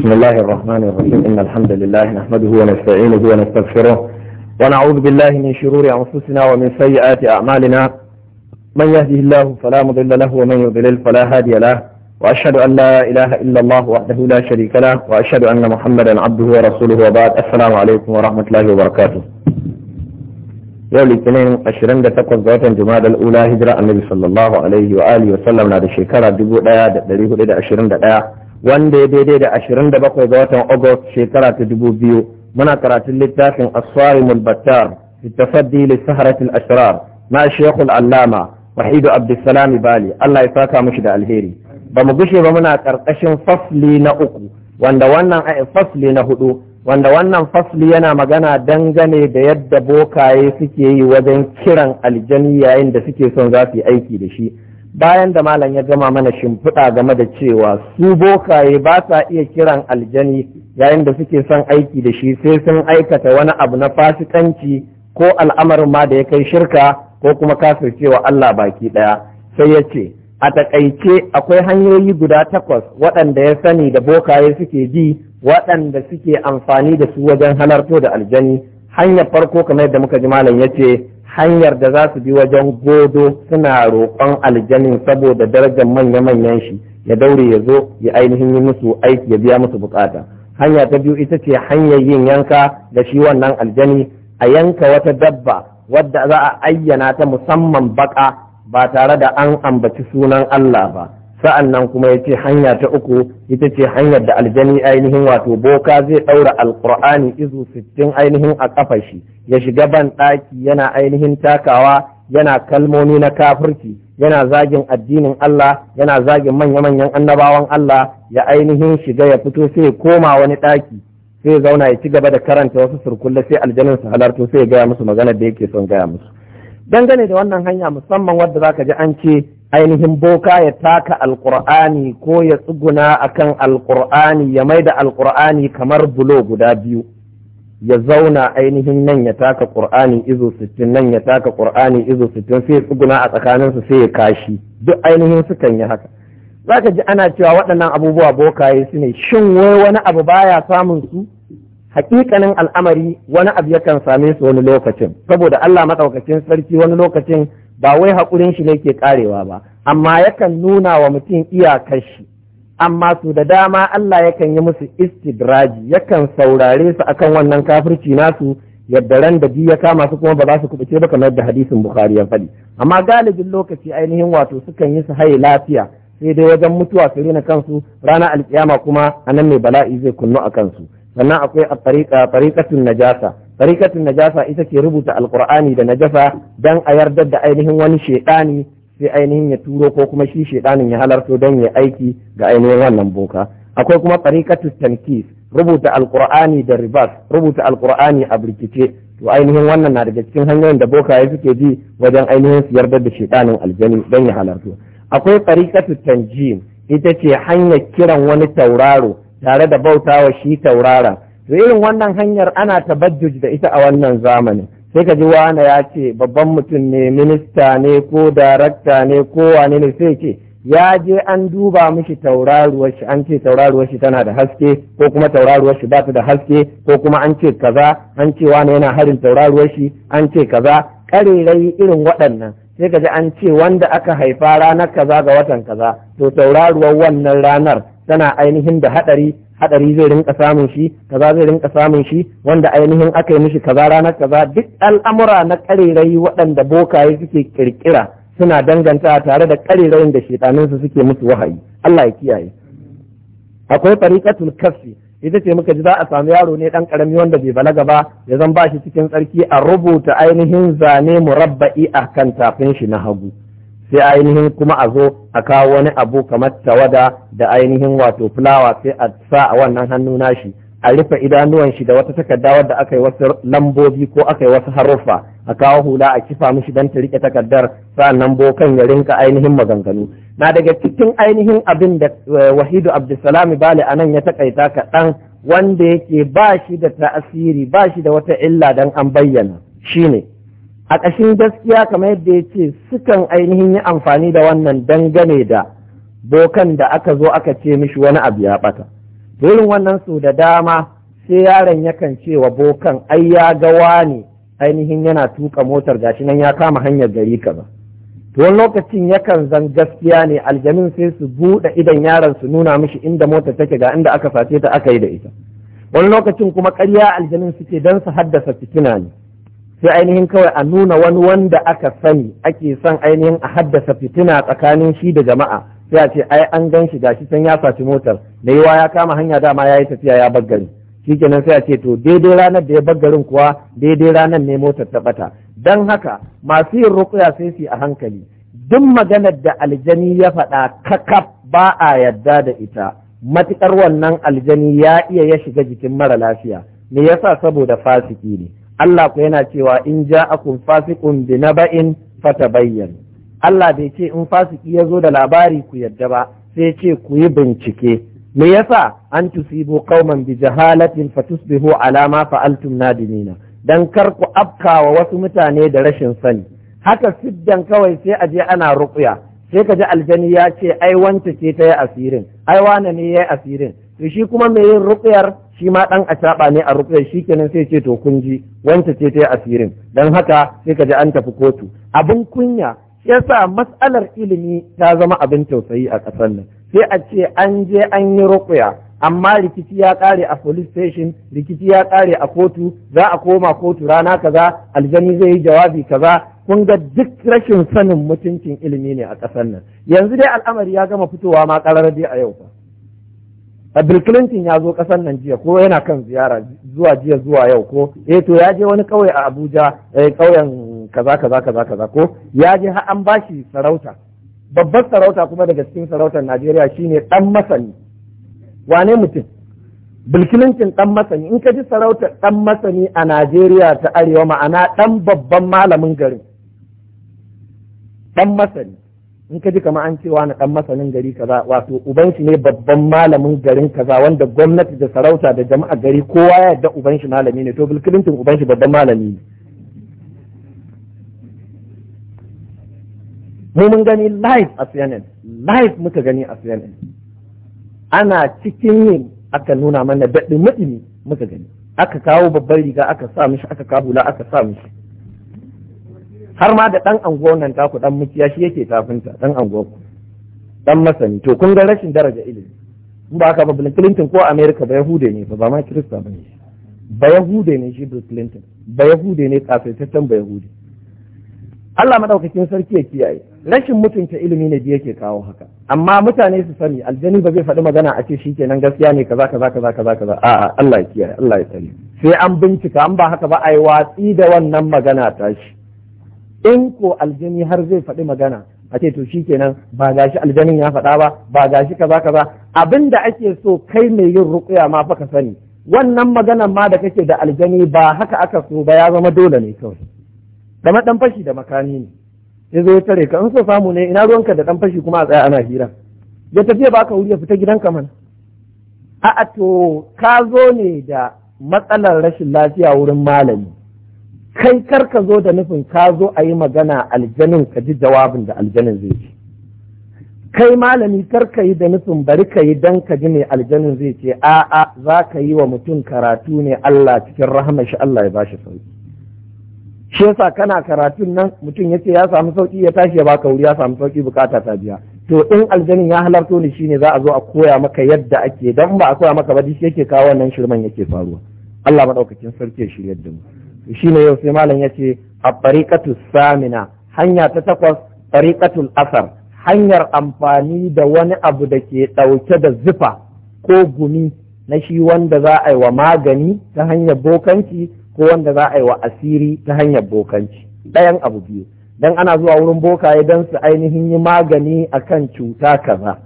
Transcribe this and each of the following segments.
بسم الله الرحمن الرحيم إن الحمد لله نحمده ونستعينه ونستغفره ونعوذ بالله من شرور أنفسنا ومن سيئات أعمالنا من يهده الله فلا مضل له ومن يضلل فلا هادي له وأشهد أن لا إله إلا الله وحده لا شريك له وأشهد أن محمدا عبده ورسوله وبعد السلام عليكم ورحمة الله وبركاته yau litinin 28 ga watan jumada al'ula hijira annabi sallallahu alaihi wa alihi wasallam na da shekara 1421 wanda ya daidai da ashirin da bakwai ga watan agusta shekara ta dubu biyu muna karatun littafin Aswarimul Battar Tafaddi li Saharatul Ashrar na Sheikhul Allama Wahidu Abdulsalami Bali Allah ya saka mushi da alheri ba mu gushe ba muna karkashin fasli na uku wanda wannan eh, fasli na hudu wanda wannan fasli yana magana dangane da yadda bokaye suke yi wajen kiran aljani yayin da suke son za su yi aiki da shi bayan da malam ya gama mana shimfiɗa game da cewa su bokaye ba sa iya kiran aljani yayin da suke son aiki da shi sai sun aikata wani abu na fasikanci ko al'amarin ma da ya kai shirka ko kuma cewa Allah baki ɗaya sai ya ce a takaice akwai hanyoyi guda takwas waɗanda ya sani da bokaye suke bi waɗanda suke amfani da su wajen halarto da aljani hanyar farko kamar yadda muka ji malam ya ce hanyar da za su bi wajen godo suna roƙon aljanin saboda darajar manya-manyan shi ya daure ya zo ya ainihin yi musu aiki ya biya musu bukata hanya ta biyu ita ce hanyar yin yanka da shi wannan aljani a yanka wata dabba wadda za a ayyana ta musamman baka ba tare da an ambaci sunan Allah ba sa'an nan kuma ya ce hanya ta uku ita ce hanyar da aljani ainihin wato boka zai ɗaura alƙur'ani izu sittin ainihin a ƙafa shi ya shiga ban ɗaki yana ainihin takawa yana kalmomi na kafirci yana zagin addinin Allah yana zagin manya-manyan annabawan Allah ya ainihin shiga ya fito sai ya koma wani ɗaki sai ya zauna ya ci gaba da karanta wasu surkulle sai aljanin su halarto sai ya gaya musu magana da yake son gaya musu dangane da wannan hanya musamman wadda zaka ji an ce ainihin boka ya taka alkur'ani ko ya tsuguna akan alkur'ani ya maida alkur'ani kamar bulo guda biyu ya zauna ainihin nan ya taka ƙur'ani izo sittin nan ya taka ƙur'ani izo sittin sai tsuguna a tsakaninsu sai ya kashi duk ainihin su kan yi haka za ka ji ana cewa waɗannan abubuwa bokaye su ne shin wai wani abu baya samun su hakikanin al'amari wani abu yakan same su wani lokacin saboda Allah maɗaukacin sarki wani lokacin ba wai haƙurin shi ne ke ƙarewa ba amma yakan nuna wa mutum iyakar shi amma su da dama Allah yakan yi musu istidraji yakan saurare su akan wannan kafirci nasu yadda ran da biyu ya kama su kuma ba za su kubuce ba kamar da hadisin Bukhari ya faɗi amma galibin lokaci ainihin wato sukan yi su haye lafiya sai dai wajen mutuwa su rena kansu ranar alkiyama kuma anan mai bala'i zai kunnu a kansu sannan akwai a tariƙatun najasa tarikatun najasa ita ke rubuta alkur'ani da najasa dan a yardar da ainihin wani shedani sai ainihin ya turo ko kuma shi shedanin ya halarto don ya aiki ga ainihin wannan boka akwai kuma tarikatun tankis rubuta alkur'ani da ribas rubuta alkur'ani a birkice to ainihin wannan na daga cikin hanyoyin da boka ya suke ji wajen ainihin su yardar da shedanin aljani dan ya halarto akwai tarikatun tanjim ita ce hanyar kiran wani tauraro tare da bautawa shi tauraron da irin wannan hanyar ana tabajjuj da ita a wannan zamanin sai ka ji wani ya ce babban mutum ne minista ne ko darakta ne ko wane ne sai ke ya je an duba mishi tauraruwar shi an ce tauraruwar shi tana da haske ko kuma tauraruwar shi bata da haske ko kuma an ce kaza an ce wani yana harin tauraruwar shi an ce kaza karerai irin waɗannan sai ka ji an ce wanda aka haifa ranar kaza ga watan kaza to tauraruwar wannan ranar tana ainihin da haɗari hadari zai rinka samun shi kaza zai rinka samun shi wanda ainihin aka yi mishi kaza ranar kaza duk al'amura na karerai waɗanda bokaye suke ƙirƙira, suna danganta tare da karerayin da shedanin suke musu wahayi Allah ya kiyaye akwai tariqatul kafi ita ce muka ji za a samu yaro ne dan ƙarami, wanda bai balaga ba ya zan ba shi cikin tsarki a rubuta ainihin zane murabba'i a kan tafin shi na hagu sai ainihin kuma a zo a kawo wani abu kamar tawada da ainihin wato fulawa sai a sa a wannan hannu nashi a rufe idanuwan shi da wata takarda wadda aka yi wasu lambobi ko aka yi wasu haruffa a kawo hula a kifa mishi don ta rike takardar sa'annan bokan ya rinka ainihin maganganu na daga cikin ainihin abin da eh, wahidu abdulsalami bale anan ya takaita kaɗan wanda yake ba shi da ta'asiri ba shi da wata illa don an bayyana shine a ƙashin gaskiya kamar yadda ya ce sukan ainihin yi amfani da wannan dangane da bokan da aka zo aka ce mishi wani abu ya ɓata dolin wannan su da dama sai yaron yakan ce wa bokan ai ya ga wani ainihin yana tuka motar gashi nan ya kama hanyar gari kaza to wani lokacin yakan zan gaskiya ne aljamin sai su buɗe idan yaron su nuna mishi inda motar take ga inda aka sace ta aka yi da ita wani lokacin kuma ƙarya aljamin suke don su haddasa fitina ne sai ainihin kawai a nuna wani wanda aka sani ake son ainihin a haddasa fitina tsakanin shi da jama'a sai a ce ai an gan shi gashi can ya saci motar da yawa ya kama hanya dama ya yi tafiya ya baggari shikenan sai a ce to daidai ranar da ya baggarin kuwa daidai ranar ne motar ta bata dan haka masu yin rukuya sai su a hankali duk maganar da aljani ya faɗa kakaf ba a yadda da ita matuƙar wannan aljani ya iya ya shiga jikin mara lafiya me yasa saboda fasiki ne Allah ku yana cewa in ja a ja'akum fasiqun bi fata fatabayyan Allah bai ce in fasiki ya zo da labari ku yadda ba sai ce ku yi bincike me yasa an tusibu kauman bi jahalatin fatusbihu alama fa'altun fa'altum nadimina dan kar ku afkawa wasu mutane da rashin sani haka siddan kawai sai a je ana rukuya sai ka ji aljani ya ce ai wanta ce ta yi asirin ai wane ne ya yi asirin to shi kuma mai yin ruqyar shi ma dan acaba ne a ruqyar kenan sai ce to kun ji wanta ce ta asirin dan haka sai ka ji an tafi kotu abin kunya yasa mas'alar ilimi ta zama abin tausayi a ƙasar nan sai a ce an je an yi ruqya amma rikici ya ƙare a police station rikici ya kare a kotu za a koma kotu rana kaza aljani zai yi jawabi kaza kun ga duk rashin sanin mutuncin ilimi ne a ƙasar nan yanzu dai al'amari ya gama fitowa ma ƙarar a yau fa a bill clinton ya zo kasar nan jiya ko yana kan ziyara zuwa jiya zuwa yau ko eh to ya je wani kauye a abuja eh kauyen kaza kaza kaza kaza ko ya je har an bashi sarauta babbar sarauta kuma daga cikin sarautar najeriya shine dan masani wane mutum bill clinton dan masani in ka ji sarauta dan masani a najeriya ta arewa ma'ana dan babban malamin garin dan masani in ka ji kamar an ce na dan masanin gari kaza wato uban shi ne babban malamin garin kaza wanda gwamnati da sarauta da jama'a gari kowa ya yadda uban shi malami ne to Bill Clinton uban shi babban malami ne mu mun gani live a CNN live muka gani a CNN ana cikin yin aka nuna mana daɗin maɗini muka gani aka kawo babban riga aka sa mishi aka kawo hula aka sa mishi har ma da ɗan anguwar nan taku ɗan mukiya shi yake tafinta ɗan anguwar ku ɗan masani to kun ga rashin daraja ilimi in ba haka ba Bill Clinton ko America ba Yahude ne ba ma Kirista ba ne ba Yahude ne shi Bill Clinton ba Yahude ne kasaitaccen ba Yahude Allah madaukakin sarki ya kiyaye rashin mutunta ilimi ne da yake kawo haka amma mutane su sani aljani ba zai faɗi magana a ce shikenan gaskiya ne kaza kaza kaza kaza kaza a'a Allah ya kiyaye Allah ya sani sai an bincika an ba haka ba ai watsi da wannan magana tashi in ko aljani har zai faɗi magana a ce to shikenan ba gashi aljanin ya faɗa ba ba gashi kaza kaza abinda ake so kai mai yin ruqya ma fa ka sani wannan maganar ma da kake da aljani ba haka aka so ba ya zama dole ne kawai da madan fashi da makani ne ya zo ya tare ka in so samu ne ina ruwanka da dan fashi kuma a tsaya ana hira ya tafiya ba ka wuri ya fita gidanka mana a'a to ka zo ne da matsalar rashin lafiya wurin malami kai kar ka zo da nufin ka zo a yi magana aljanin ka ji jawabin da aljanin zai ce kai malami kar ka yi da nufin bari ka yi dan ka ji mai aljanin zai ce a'a za ka yi wa mutum karatu ne Allah cikin rahama shi Allah ya bashi sauki shi yasa kana karatun nan mutum ya ce ya samu sauki ya tashi ya baka wuri ya samu sauki bukata ta biya to in aljanin ya halarto ni ne za a zo a koya maka yadda ake dan ba a koya maka ba shi yake kawo wannan shirman yake faruwa Allah madaukakin sarki ya shirya da mu shine yau sai malam ya ce a tariqatu samina hanya ta takwas Barikatul asar hanyar amfani da wani abu da ke ɗauke da zufa ko gumi na shi wanda za a yi wa magani ta hanyar bokanci ko wanda za a yi wa asiri ta hanyar bokanci ɗayan abu biyu dan ana zuwa wurin bokaye don su ainihin yi magani akan cuta kaza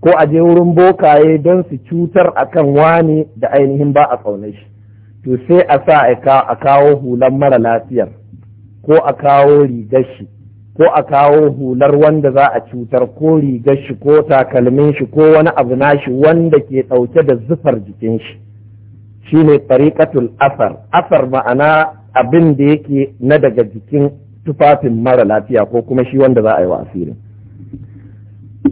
ko a je wurin bokaye don su cutar akan wani da ainihin ba a shi to sai a sa a kawo hular mara lafiyar ko a kawo rigar shi ko a kawo hular wanda za a cutar ko rigar shi ko takalmin shi ko wani abu nashi wanda ke ɗauke da zufar jikin shi shine tariqatul afar. Afar ma'ana abin da yake na daga jikin tufafin mara lafiya ko kuma shi wanda za a yi wa asirin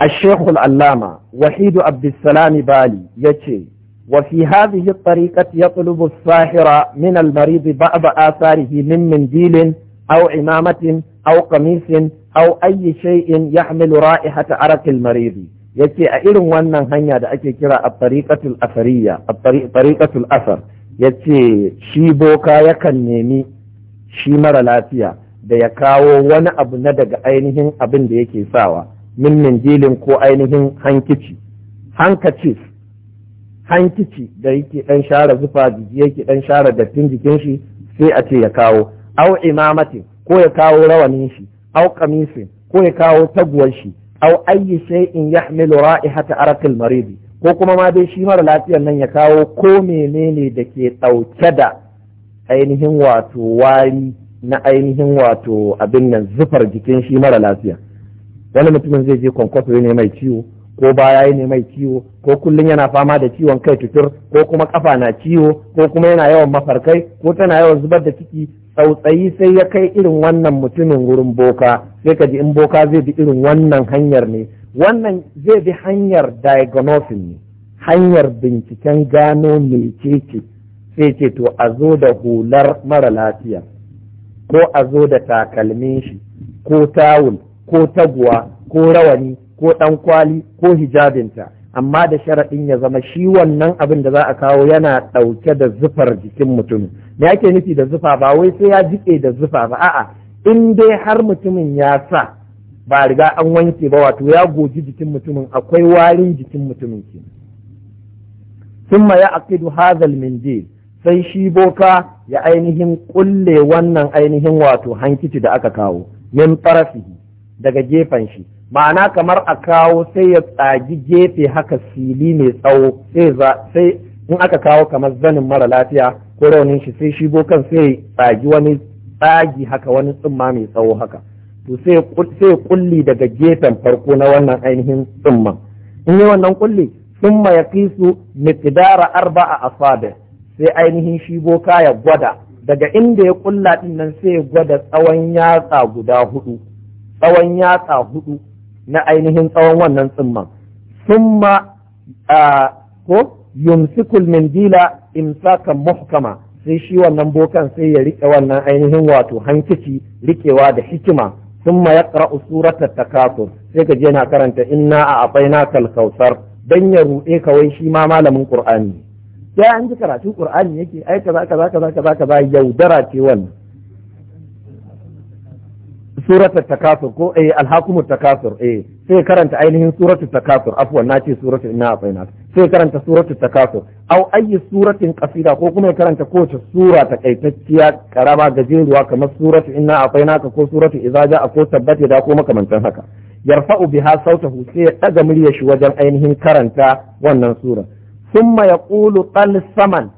الشيخ العلامة وحيد عبد السلام بالي يتي وفي هذه الطريقة يطلب الساحر من المريض بعض آثاره من منديل أو عمامة أو قميص أو أي شيء يحمل رائحة عرق المريض yace a irin wannan hanya da ake kira a tariqatul asariya asar yace shi boka yakan nemi shi mara lafiya da ya kawo wani abu na daga ainihin abin da yake sawa min ko ainihin hankici hankacif An hankici da yake ɗan share zufa jiki yake ɗan share dattin jikin shi sai a ce ya kawo au imamati ko ya kawo rawanin shi au kamisin ko ya kawo taguwar shi au ayyi shay'in yahmilu ra'ihata arakil maridi ko kuma ma dai shi mara lafiyar nan ya kawo ko menene da ke ɗauke da ainihin wato wari na ainihin wato abin nan zufar jikin shi mara lafiya wani mutumin zai je kwankwaso ne mai ciwo ko baya ya ne mai ciwo ko kullum yana fama da ciwon kai tutur ko kuma kafa na ciwo ko kuma yana yawan mafarkai ko tana yawan zubar da ciki tsautsayi sai ya kai irin wannan mutumin wurin boka sai ka ji in boka zai bi irin wannan hanyar ne wannan zai bi hanyar diagnosis ne hanyar binciken gano mecece sai ce to a zo da hular mara lafiya ko a zo da takalmin shi ko tawul ko taguwa ko rawani ko ɗan kwali ko hijabinta amma da sharaɗin ya zama shi wannan abin da za a kawo yana ɗauke da zufar jikin mutum me ake nufi da zufa ba wai sai ya jiƙe da zufa ba a'a in dai har mutumin ya sa ba riga an wanke ba wato ya goji jikin mutumin akwai warin jikin mutumin ke ya aqidu hazal min sai shi boka ya ainihin kulle wannan ainihin wato hankiti da aka kawo min farafi daga gefen shi ma'ana kamar a kawo sai ya tsagi gefe haka fili mai tsawo sai in aka kawo kamar zanin mara lafiya ko raunin shi sai shigo kan sai tsagi wani tsagi haka wani tsumma mai tsawo haka to sai kulli daga gefen farko na wannan ainihin tsumma in yi wannan kulli tsumma ya su mitidara arba'a asabe sai ainihin shigo ya gwada daga inda ya kulla din nan sai ya gwada tsawon yatsa guda hudu tsawon yatsa hudu na ainihin tsawon wannan tsimman summa ko yumsikul mindila imsakan muhkama sai shi wannan bokan sai ya rike wannan ainihin wato hankici rikewa da hikima summa yaqra'u surata takasur sai ka je na karanta inna a afaina kausar dan ya ruɗe kawai shi ma malamin ƙur'ani. sai an ji karatu ƙur'ani yake ai kaza kaza kaza kaza yaudara ce wannan suratul takasur ko eh alhakumut takasur eh sai karanta ainihin suratul takasur afwan nace suratul inna atayna sai karanta suratul takasur au ayi suratin qasida ko kuma ya karanta kowace sura takaitacciya karama gajeruwa kamar suratul ina atayna ka ko suratul idza jaa ko tabbata da ko makamantan haka yarfa'u biha sautahu sai ya daga muryar shi wajen ainihin karanta wannan sura summa yaqulu qal saman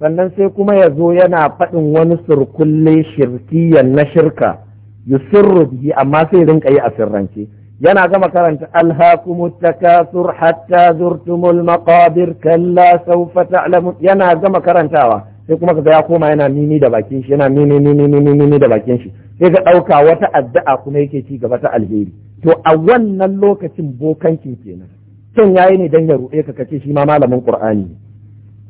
sannan sai kuma yazo yana faɗin wani surkulle shirkiyan na shirka yusirru bihi amma sai rinka yi a sirrance yana gama karanta alhaakumut takasur hatta zurtumul maqabir kalla sawfa ta'lamu yana gama karantawa sai kuma kaga ya koma yana mimi da bakin shi yana mimi mimi mimi da bakin shi sai ga ɗauka wata addu'a kuma yake ci gaba ta alheri to a wannan lokacin bokancin kenan kin yayi ne dan ya ruɗe ka kace shi ma malamin qur'ani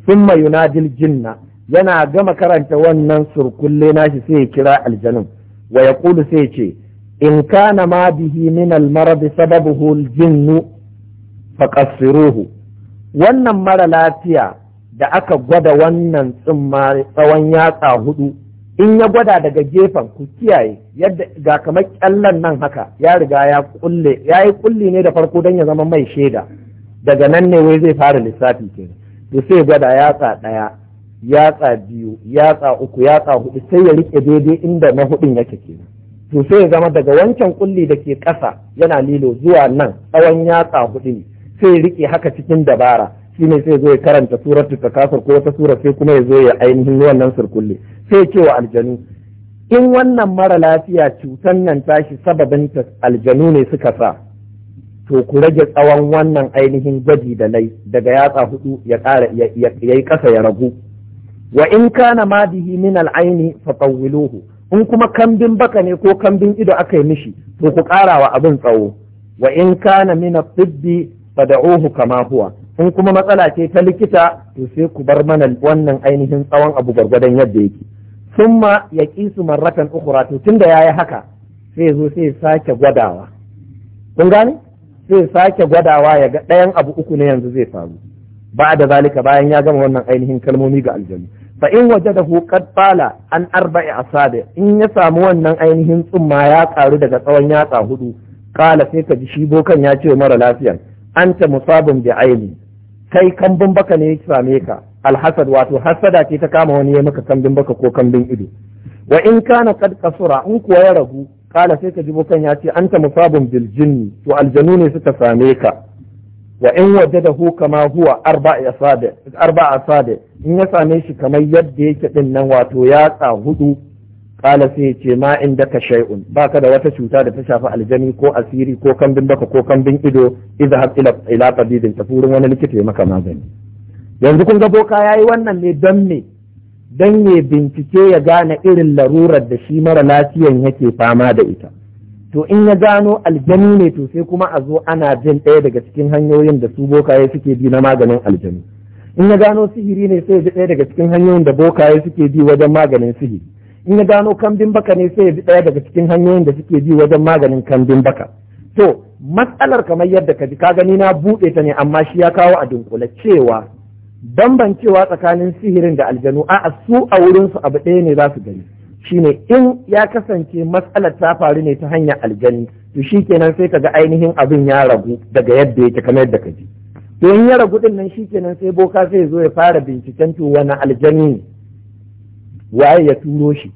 summa yunadil jinna yana gama karanta wannan surkulle nashi sai ya kira aljanun wa yaqulu sai ce in kana ma bihi min al marad sababuhu al wannan mara lafiya da aka gwada wannan tsimma tsawon yatsa hudu in ya gwada daga gefen ku kiyaye yadda ga kamar kyallan nan haka ya riga ya kulle ya yi kulli ne da farko don ya zama mai shaida daga nan ne wai zai fara lissafi kenan? to sai gwada yatsa ɗaya yatsa biyu yatsa uku yatsa hudu sai ya rike daidai inda na hudun yake ke to sai ya zama daga wancan kulli da ke ƙasa yana lilo zuwa nan tsawon yatsa hudu ne sai ya rike haka cikin dabara shine sai zo ya karanta suratul takasur ko wata sura sai kuma ya zo ya ainihin wannan surkulli sai ya ce wa aljanu in wannan mara lafiya cutan nan tashi sababin aljanu ne suka sa to ku rage tsawon wannan ainihin gwaji da nai daga yatsa hudu ya ƙara ya yi ƙasa ya ragu wa in kana ma bihi min al'aini fa tawwiluhu in kuma kambin baka ne ko kambin ido aka yi mishi to ku wa abin tsawo wa in kana min at-tibbi da'uhu kama huwa in kuma matsala ce ta likita to sai ku bar mana wannan ainihin tsawon abu gargadan yadda yake summa ya kisu marratan ukhra to tunda yayi haka sai zo sai sake gwadawa kun gane sai sake gwadawa ya ga ɗayan abu uku ne yanzu zai faru ba da zalika bayan ya gama wannan ainihin kalmomi ga aljanu fa in wajadahu qad fala an arba'i asabi in ya samu wannan ainihin tsumma ya karu daga tsawon yatsa hudu kala sai ka ji shi bokan ya ce mara lafiyan anta musabun bi aini kai kambin baka ne ya same ka alhasad wato hassada ce ta kama wani ya maka kambin baka ko kambin ido wa in kana qad kasura in kuwa ya ragu kala sai ka ji bokan ya ce anta musabun bil jinni to aljanu ne suka same ka wa in wajadahu kama huwa arba'a asabi arba'a asabi in ya same shi kamar yadda yake din nan wato yatsa hudu kala sai ce ma inda ka shay'un baka da wata cuta da ta shafi aljani ko asiri ko kambin baka ko kambin ido idza hab ila ila tabibin tafurin wani likita ya maka gani. yanzu kun ga boka yayi wannan ne don me dan ya bincike ya gane irin larurar da shi mara lafiyan yake fama da ita to in ya gano aljani ne to sai kuma a zo ana jin ɗaya daga cikin hanyoyin da su bokaye suke bi na maganin aljani in ya gano sihiri ne sai bi ɗaya daga cikin hanyoyin da bokaye suke bi wajen maganin sihiri in ya gano kambin baka ne sai bi ɗaya daga cikin hanyoyin da suke bi wajen maganin kambin baka to matsalar kamar yadda ka ji ka gani na buɗe ta ne amma shi ya kawo a dunkula cewa bambancewa tsakanin sihirin da aljanu a'a su a wurinsu abu ɗaya ne za su gani shine in ya kasance matsalar ta faru ne ta hanyar aljani to shikenan sai kaga ainihin abin ya ragu daga yadda yake kamar yadda ka ji. to in ya ragu din nan shikenan sai boka sai zo ya fara binciken to wani aljani waye ya turo shi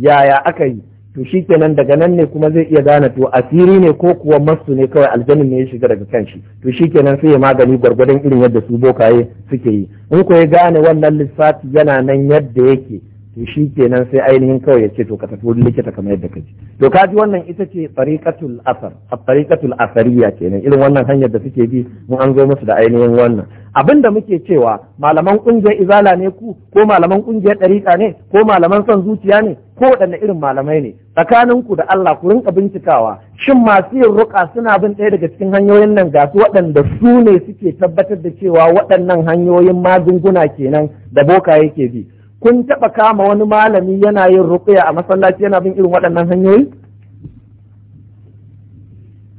yaya aka yi to shikenan daga nan ne kuma zai iya gane to asiri ne ko kuwa masu ne kawai aljanin ne ya shiga daga kan shi to shikenan sai ya magani gwargwadon irin yadda su bokaye suke yi in ko ya gane wannan lissafi yana nan yadda yake to shi kenan sai ainihin kawai ya ce to ka tafi likita kamar yadda kace to ka wannan ita ce tariqatul asar a tariqatul asariya kenan irin wannan hanyar da suke bi mun an zo musu da ainihin wannan abin da muke cewa malaman kungiyar izala ne ku ko malaman kungiyar ɗariƙa ne ko malaman son zuciya ne ko waɗanne irin malamai ne tsakanin ku da Allah ku rinka bincikawa shin masu yin ruka suna bin ɗaya daga cikin hanyoyin nan ga su waɗanda su ne suke tabbatar da cewa waɗannan hanyoyin magunguna kenan da boka yake bi kun taɓa kama wani malami yana yin rukuya a masallaci yana bin irin waɗannan hanyoyi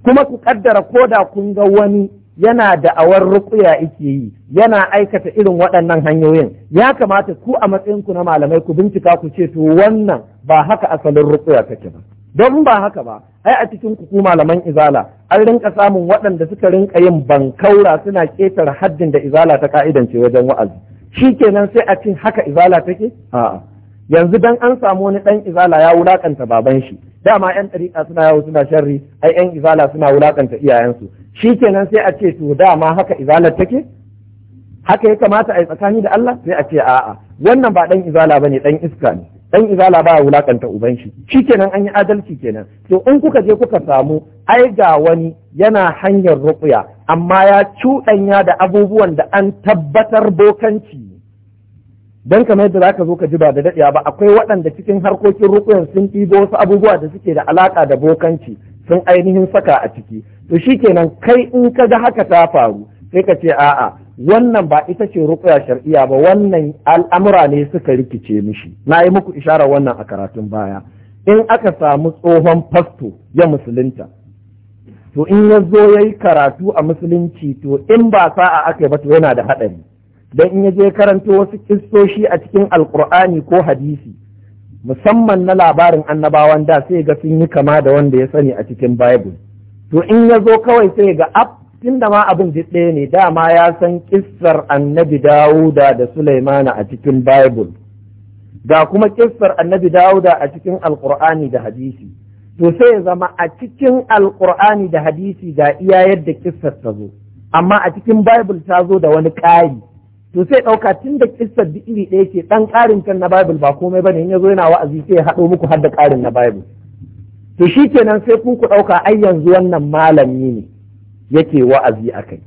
kuma ku ƙaddara ko da kun ga wani yana da awar rukuya yake yi yana aikata irin waɗannan hanyoyin ya kamata ku a matsayinku na malamai ku bincika ku ce to wannan ba haka asalin rukuya take ba don ba haka ba ai a cikin ku malaman izala an rinka samun waɗanda suka rinka yin bankaura suna ƙetare haddin da izala ta ka'idance wajen wa'azi shi kenan sai a ce haka izala take a'a yanzu dan an samu wani dan izala ya wulakanta baban shi dama yan ɗariƙa suna yawo suna sharri ai yan izala suna wulakanta iyayensu shi kenan sai a ce to dama haka izala take haka ya kamata a yi tsakani da Allah sai a ce a'a wannan ba dan izala bane dan iska ne dan izala ba wulakanta uban shi shikenan an yi adalci kenan to in kuka je kuka samu ai ga wani yana hanyar ruqya amma ya cuɗanya da abubuwan da an tabbatar bokanci don kamar za ka zo ka ji ba da daɗewa ba akwai waɗanda cikin harkokin rukuyan sun ɗibo wasu abubuwa da suke da alaƙa da bokanci sun ainihin saka a ciki to shi kenan kai in ka ga haka ta faru sai ka ce a'a wannan ba ita ce rukuya shar'iyya ba wannan al'amura ne suka rikice mishi na yi muku ishara wannan a karatun baya in aka samu tsohon fasto ya musulunta to in ya zo ya yi karatu a musulunci to in ba sa'a aka ba to yana da haɗari Don in ya je karanto wasu kistoshi a cikin alkur'ani ko hadisi musamman na labarin annabawan da sai ga sun yi kama da wanda ya sani a cikin bible to in ya zo kawai sai ga ab da ma abin ɗaya ne dama ya san kissar annabi dawuda da sulaimana a cikin bible ga kuma kissar annabi dawuda a cikin alkur'ani da hadisi to sai ya zama a cikin alkur'ani da hadisi ga iya yadda kissar ta zo amma a cikin bible ta zo da wani ƙari to sai ɗauka tun da kissar da iri ɗaya ce ɗan ƙarin can na bible ba komai ba ne, in ya zo yana wa'azi sai ya haɗo muku har da ƙarin na bible to shi kenan sai ku ku ɗauka ai yanzu wannan malami ne yake wa'azi akai.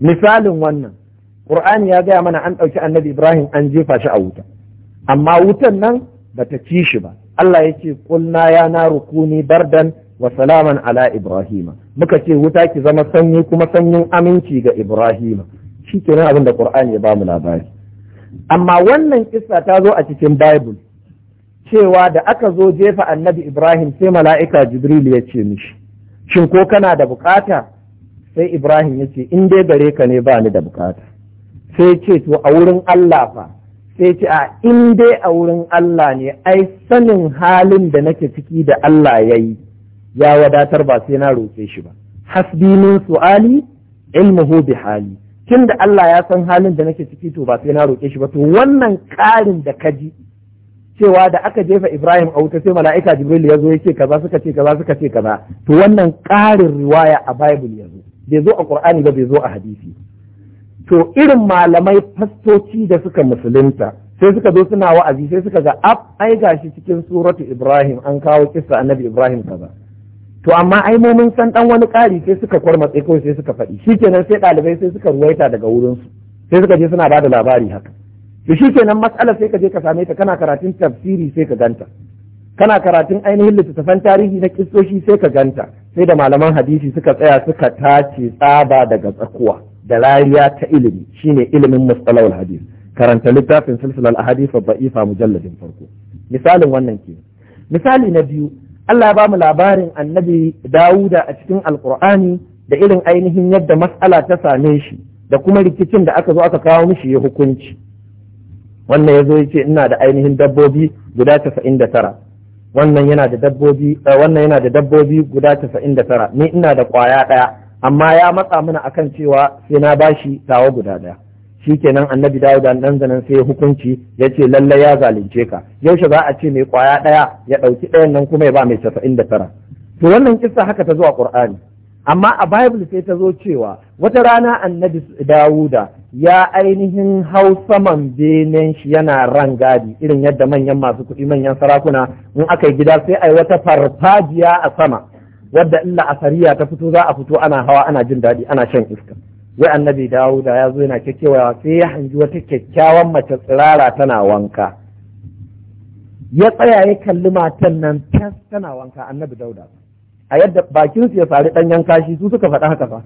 misalin wannan ƙur'ani ya gaya mana an ɗauki annabi ibrahim an jefa shi a wuta amma wutan nan bata ci shi ba Allah ya ce kulna ya na rukuni bardan wa salaman ala Ibrahima muka ce wuta ki zama sanyi kuma sanyin aminci ga Ibrahima shi ke abin da Qur'ani ya bamu labari amma wannan kissa ta zo a cikin Bible cewa da aka zo jefa annabi Ibrahim sai mala'ika Jibril ya ce mishi shin ko kana da bukata sai Ibrahim ya ce in dai gare ka ne ba ni da bukata sai ce to a wurin Allah fa sai ce a in dai a wurin Allah ne ai sanin halin da nake ciki da Allah ya yi ya wadatar ba sai na roƙe shi ba hasbi min su'ali ilmuhu bi hali da Allah ya san halin da nake ciki to ba sai na roƙe shi ba to wannan ƙarin da ka ji cewa da aka jefa Ibrahim a wuta sai mala'ika Jibril ya zo ya ce kaza suka ce kaza suka ce kaza to wannan ƙarin riwaya a Bible ya zo bai zo a Qur'ani ba bai zo a hadisi to irin malamai fastoci da suka musulunta sai suka zo suna wa'azi sai suka ga ab ai gashi cikin suratu ibrahim an kawo kissa annabi ibrahim kaza to amma ai mu mun san dan wani ƙari sai suka kwarmatse kawai sai suka faɗi shikenan sai ɗalibai sai suka ruwaita daga wurinsu sai suka je suna bada labari haka to shikenan mas'ala sai ka je ka same ta kana karatun tafsiri sai ka ganta kana karatun ainihin littattafan tarihi na kissoshi sai ka ganta sai da malaman hadisi suka tsaya suka tace tsaba daga tsakuwa da rariya ta ilimi shine ilimin mustalahul hadis karanta littafin silsilar ahadith ba'ifa mujalladin farko misalin wannan ke misali na biyu Allah ba bamu labarin annabi Dawuda a cikin alkur'ani da irin ainihin yadda mas'ala ta same shi da kuma rikicin da aka zo aka kawo mishi ya hukunci wannan ya zo ya ce ina da ainihin dabbobi guda casa'in da tara wannan yana da dabbobi eh, wannan yana da dabbobi guda casa'in da tara ni ina da ƙwaya ɗaya amma ya matsa mana akan cewa sai na bashi tawa guda daya shikenan annabi Dawuda, nan dan zanen sai hukunci ya ce lallai ya zalunce ka yaushe za a ce mai kwaya daya ya ɗauki ɗayan nan kuma ya ba mai casa'in da tara to wannan kissa haka ta zo a qur'ani amma a bible sai ta zo cewa wata rana annabi dawuda ya ainihin hau saman benen shi yana ran gadi irin yadda manyan masu kuɗi manyan sarakuna in aka gida sai a yi wata farfajiya a sama wadda a sariya ta fito za a fito ana hawa ana jin daɗi ana shan iska wai annabi dawuda ya zo yana kekewa sai ya hangi wata kyakkyawan mace tsirara tana wanka ya tsaya ya kalli matan nan tana wanka annabi dauda a yadda bakin su ya sari yanka shi su suka faɗa haka fa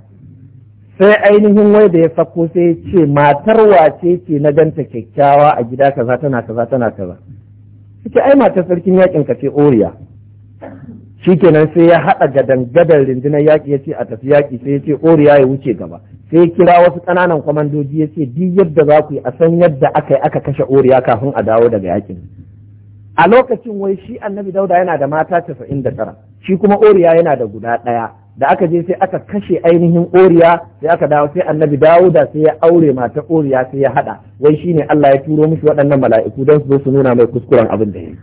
sai ainihin wai da ya sako sai ya ce matar wace ce na ganta kyakkyawa a gida kaza tana kaza tana kaza suke ai matar sarkin yakin ka ce oriya shikenan sai ya haɗa gadan rundunar yaƙi ya ce a tafi yaƙi sai ya ce oriya ya wuce gaba sai kira wasu ƙananan kwamandoji ya ce duk yadda za ku yi a san yadda aka yi aka kashe oriya kafin a dawo daga yaƙin a lokacin wai shi annabi dauda yana da mata casa'in da tara shi kuma oriya yana da guda ɗaya da aka je sai aka kashe ainihin oriya sai aka dawo sai annabi dawuda sai ya aure mata oriya sai ya haɗa wai shi ne allah ya turo mishi waɗannan mala'iku don su zo su nuna mai kuskuren abin da ya yi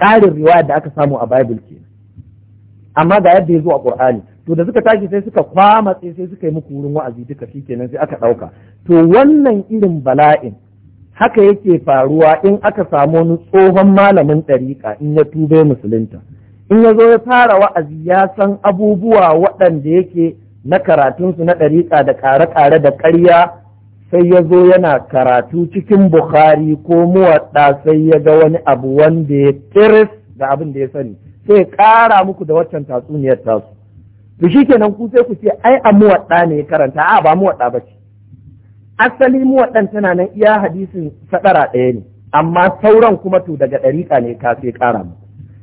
ƙarin riwaya da aka samu a bible ke amma ga yadda ya zo a qur'ani to da suka tashi sai suka kwamatse sai suka yi muku wurin wa'azi duka shikenan sai aka ɗauka. to wannan irin bala'in haka yake faruwa in aka samu wani tsohon malamin ɗariƙa in ya tube musulunta in ya zo ya fara wa'azi ya san abubuwa waɗanda yake na karatunsu na ɗariƙa da ƙare-ƙare da ƙarya sai ya zo yana karatu cikin bukhari ko muwaɗa sai ya ga wani abu wanda ya tiris da abin da ya sani sai ƙara muku da waccan tatsuniyar tasu to kenan ku sai ku ce ai a muwaɗa ne karanta a ba muwaɗa ba ce asali muwaɗan tana nan iya hadisin saɗara ɗaya ne amma sauran kuma to daga ɗariƙa ne ka sai ƙara mu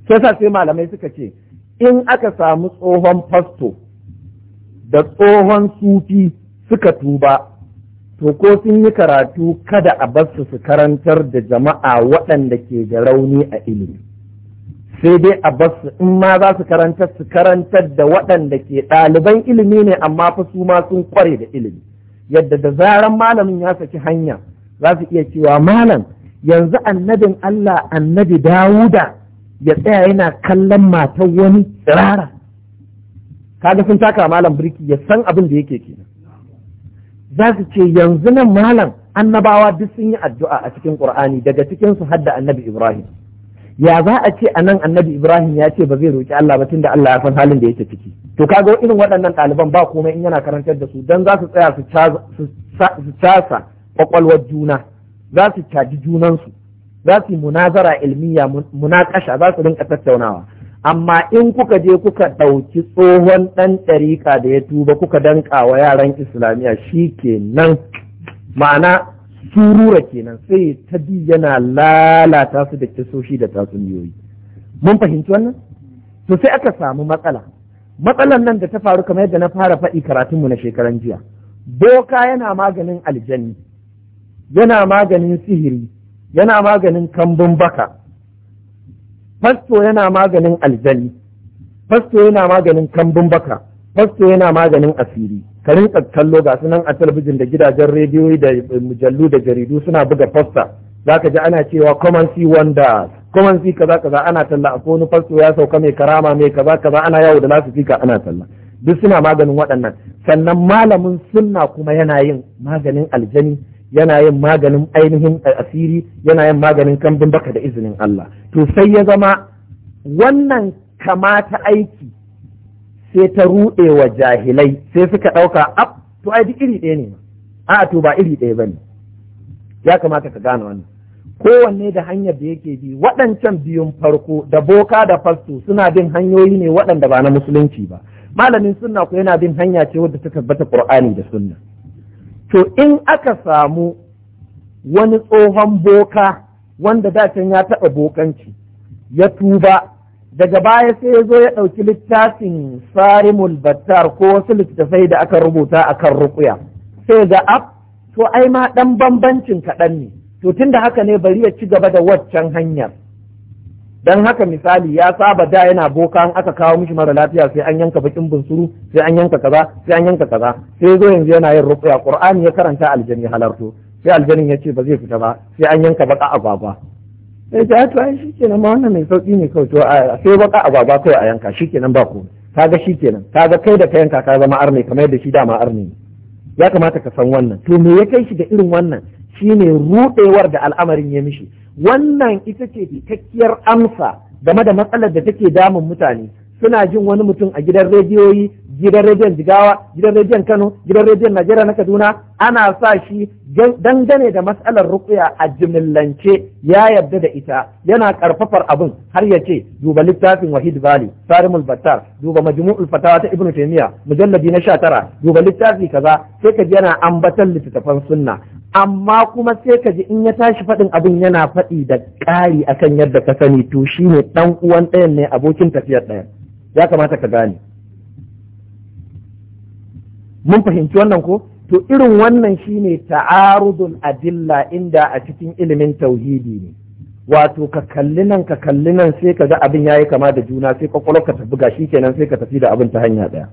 sai sa sai malamai suka ce in aka samu tsohon fasto da tsohon sufi suka tuba to ko sun yi karatu kada a basu su karantar da jama'a waɗanda ke da rauni a ilimi sai dai a basu in ma za su karantar su karantar da waɗanda ke ɗaliban ilimi ne amma fa su ma sun kware da ilimi yadda da zaran malamin ya saki hanya za su iya cewa malam yanzu annabin Allah annabi Dawuda ya tsaya yana kallon matar wani tsirara kaga sun taka malam birki ya san abin da yake kenan za su ce yanzu nan malam annabawa duk sun yi addu'a a cikin Qur'ani daga cikin su har da annabi Ibrahim ya za a ce a nan annabi ibrahim ya ce ba zai roƙi allah ba tun da allah ya san halin da yake ciki to kaga irin waɗannan ɗaliban ba komai in yana karantar da su dan za su tsaya su casa kwakwalwar juna za su caji junansu za su yi munazara ilmiya munakasha za su rinka tattaunawa amma in kuka je kuka ɗauki tsohon ɗan ɗariƙa da ya tuba kuka danka wa yaran islamiyya shi ke nan ma'ana surura kenan sai ta bi yana lalata su da kisoshi da tatsuniyoyi mun fahimci wannan to sai aka samu matsala matsalan nan da ta faru kamar yadda na fara faɗi karatunmu na shekaran jiya boka yana maganin aljanni yana maganin sihiri yana maganin kambun baka fasto yana maganin aljanni fasto yana maganin kambun baka fasto yana maganin asiri Karin rinka kallo ga sunan a talabijin da gidajen rediyo da mujallu da jaridu suna buga fasta Za ka ji ana cewa common see wonders common see kaza kaza ana talla a kone fasto ya sauka mai karama mai kaza kaza ana yawo da ka ana talla duk suna maganin waɗannan sannan malamin sunna kuma yana yin maganin aljani yana yin maganin ainihin asiri yana yin maganin kambin baka da izinin Allah to sai ya zama wannan kamata aiki sai ta ruɗe wa jahilai sai suka ɗauka ab to ai duk iri ɗaya ne a to ba iri ɗaya bane. ya kamata ka gane wannan kowanne da hanyar da yake bi waɗancan biyun farko da boka da fasto suna bin hanyoyi ne waɗanda ba na musulunci ba malamin sunna ko yana bin hanya ce wadda ta tabbata qur'ani da sunna to in aka samu wani tsohon boka wanda da can ya taɓa bokanci ya tuba daga baya sai ya zo ya ɗauki littafin farimul battar ko wasu littafai da aka rubuta a kan rukuya sai ga ab to ai ma ɗan bambancin kaɗan ne to tun da haka ne bari ya ci gaba da waccan hanyar Don haka misali ya saba da yana boka an aka kawo mishi mara lafiya sai an yanka bakin bunsuru sai an yanka kaza sai an yanka kaza sai zo yanzu yana yin rukuya qur'ani ya karanta aljani halarto sai aljanin ya ce ba zai fita ba sai an yanka baka agwagwa sai ta ah, to ai shikenan ma wannan mai sauki ne kawai to a sai baka baba kawai a yanka shikenan ba ku kaga shikenan kaga kai da ka yanka ka zama arne kamar yadda shi dama arne ya kamata ka san wannan to me ya kai shi da irin wannan shine rudewar da al'amarin ya mishi wannan ita ce cikakkiyar amsa game da matsalar da take damun mutane suna jin wani mutum a gidan rediyoyi gidan rediyon jigawa gidan rediyon kano gidan rediyon najeriya na kaduna ana sa shi dangane da matsalar rukuya a jimillance ya yarda da ita yana karfafar abin har ya ce duba littafin wahid bali sarimul battar duba majmu'ul fatawa ta ibnu taymiya mujalladi na 19 duba littafi kaza sai ka yana ambatan littattafan sunna amma kuma sai ka ji in ya tashi faɗin abin yana faɗi da ƙari akan yadda ka sani to ne ɗan uwan ɗayan ne abokin tafiyar ɗaya, ya kamata ka gane mun fahimci wannan ko to irin wannan shine ta'arudun adilla inda a cikin ilimin tauhidi ne wato ka kalli nan ka kalli nan sai ka ga abin yayi kama da juna sai ka ta buga shi kenan sai ka tafi da abin ta hanya ɗaya.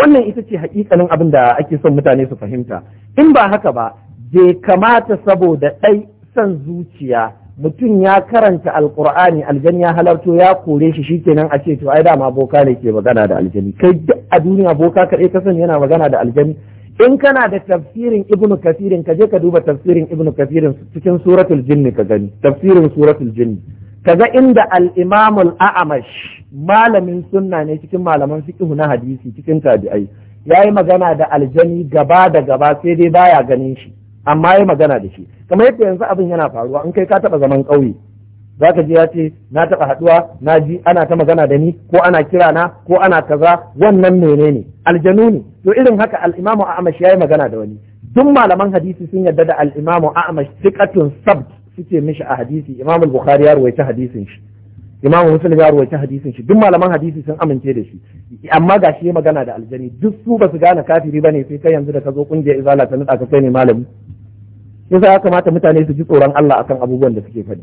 wannan ita ce hakikanin abin da ake son mutane su fahimta in ba haka ba bai kamata saboda ɗai san zuciya mutum ya karanta alkur'ani aljani ya halarto ya kore shi shikenan a ce to ai dama boka ne ke magana da aljani kai duk a duniya boka kaɗai ka sani yana magana da aljani in kana da tafsirin ibnu kasirin ka je ka duba tafsirin ibnu kasirin cikin suratul jinni ka gani tafsirin suratul jinni ga inda al-imam al malamin sunna ne cikin malaman fiqh na hadisi cikin tabi'ai yayi magana da aljani gaba da gaba sai dai baya ganin shi amma yayi magana da shi kamar yadda yanzu abin yana faruwa in kai ka taba zaman ƙauye za ka ji ya ce na taɓa haɗuwa na ji ana ta magana da ni ko ana kira na ko ana kaza wannan ne aljanu ne to irin haka Al'imamu imamu ya yi magana da wani duk malaman hadisi sun yarda da Al'imamu imamu Ahmad thiqatun sabt suke mishi a hadisi imamu Bukhari ya ruwaita hadisin shi imamu Muslim ya ruwaita hadisin shi duk malaman hadisi sun amince da shi amma gashi ya magana da aljani duk su ba su gane kafiri bane sai kai yanzu da ka zo kungiyar izala ta ka kai ne malami yasa ya kamata mutane su ji tsoron Allah akan abubuwan da suke faɗi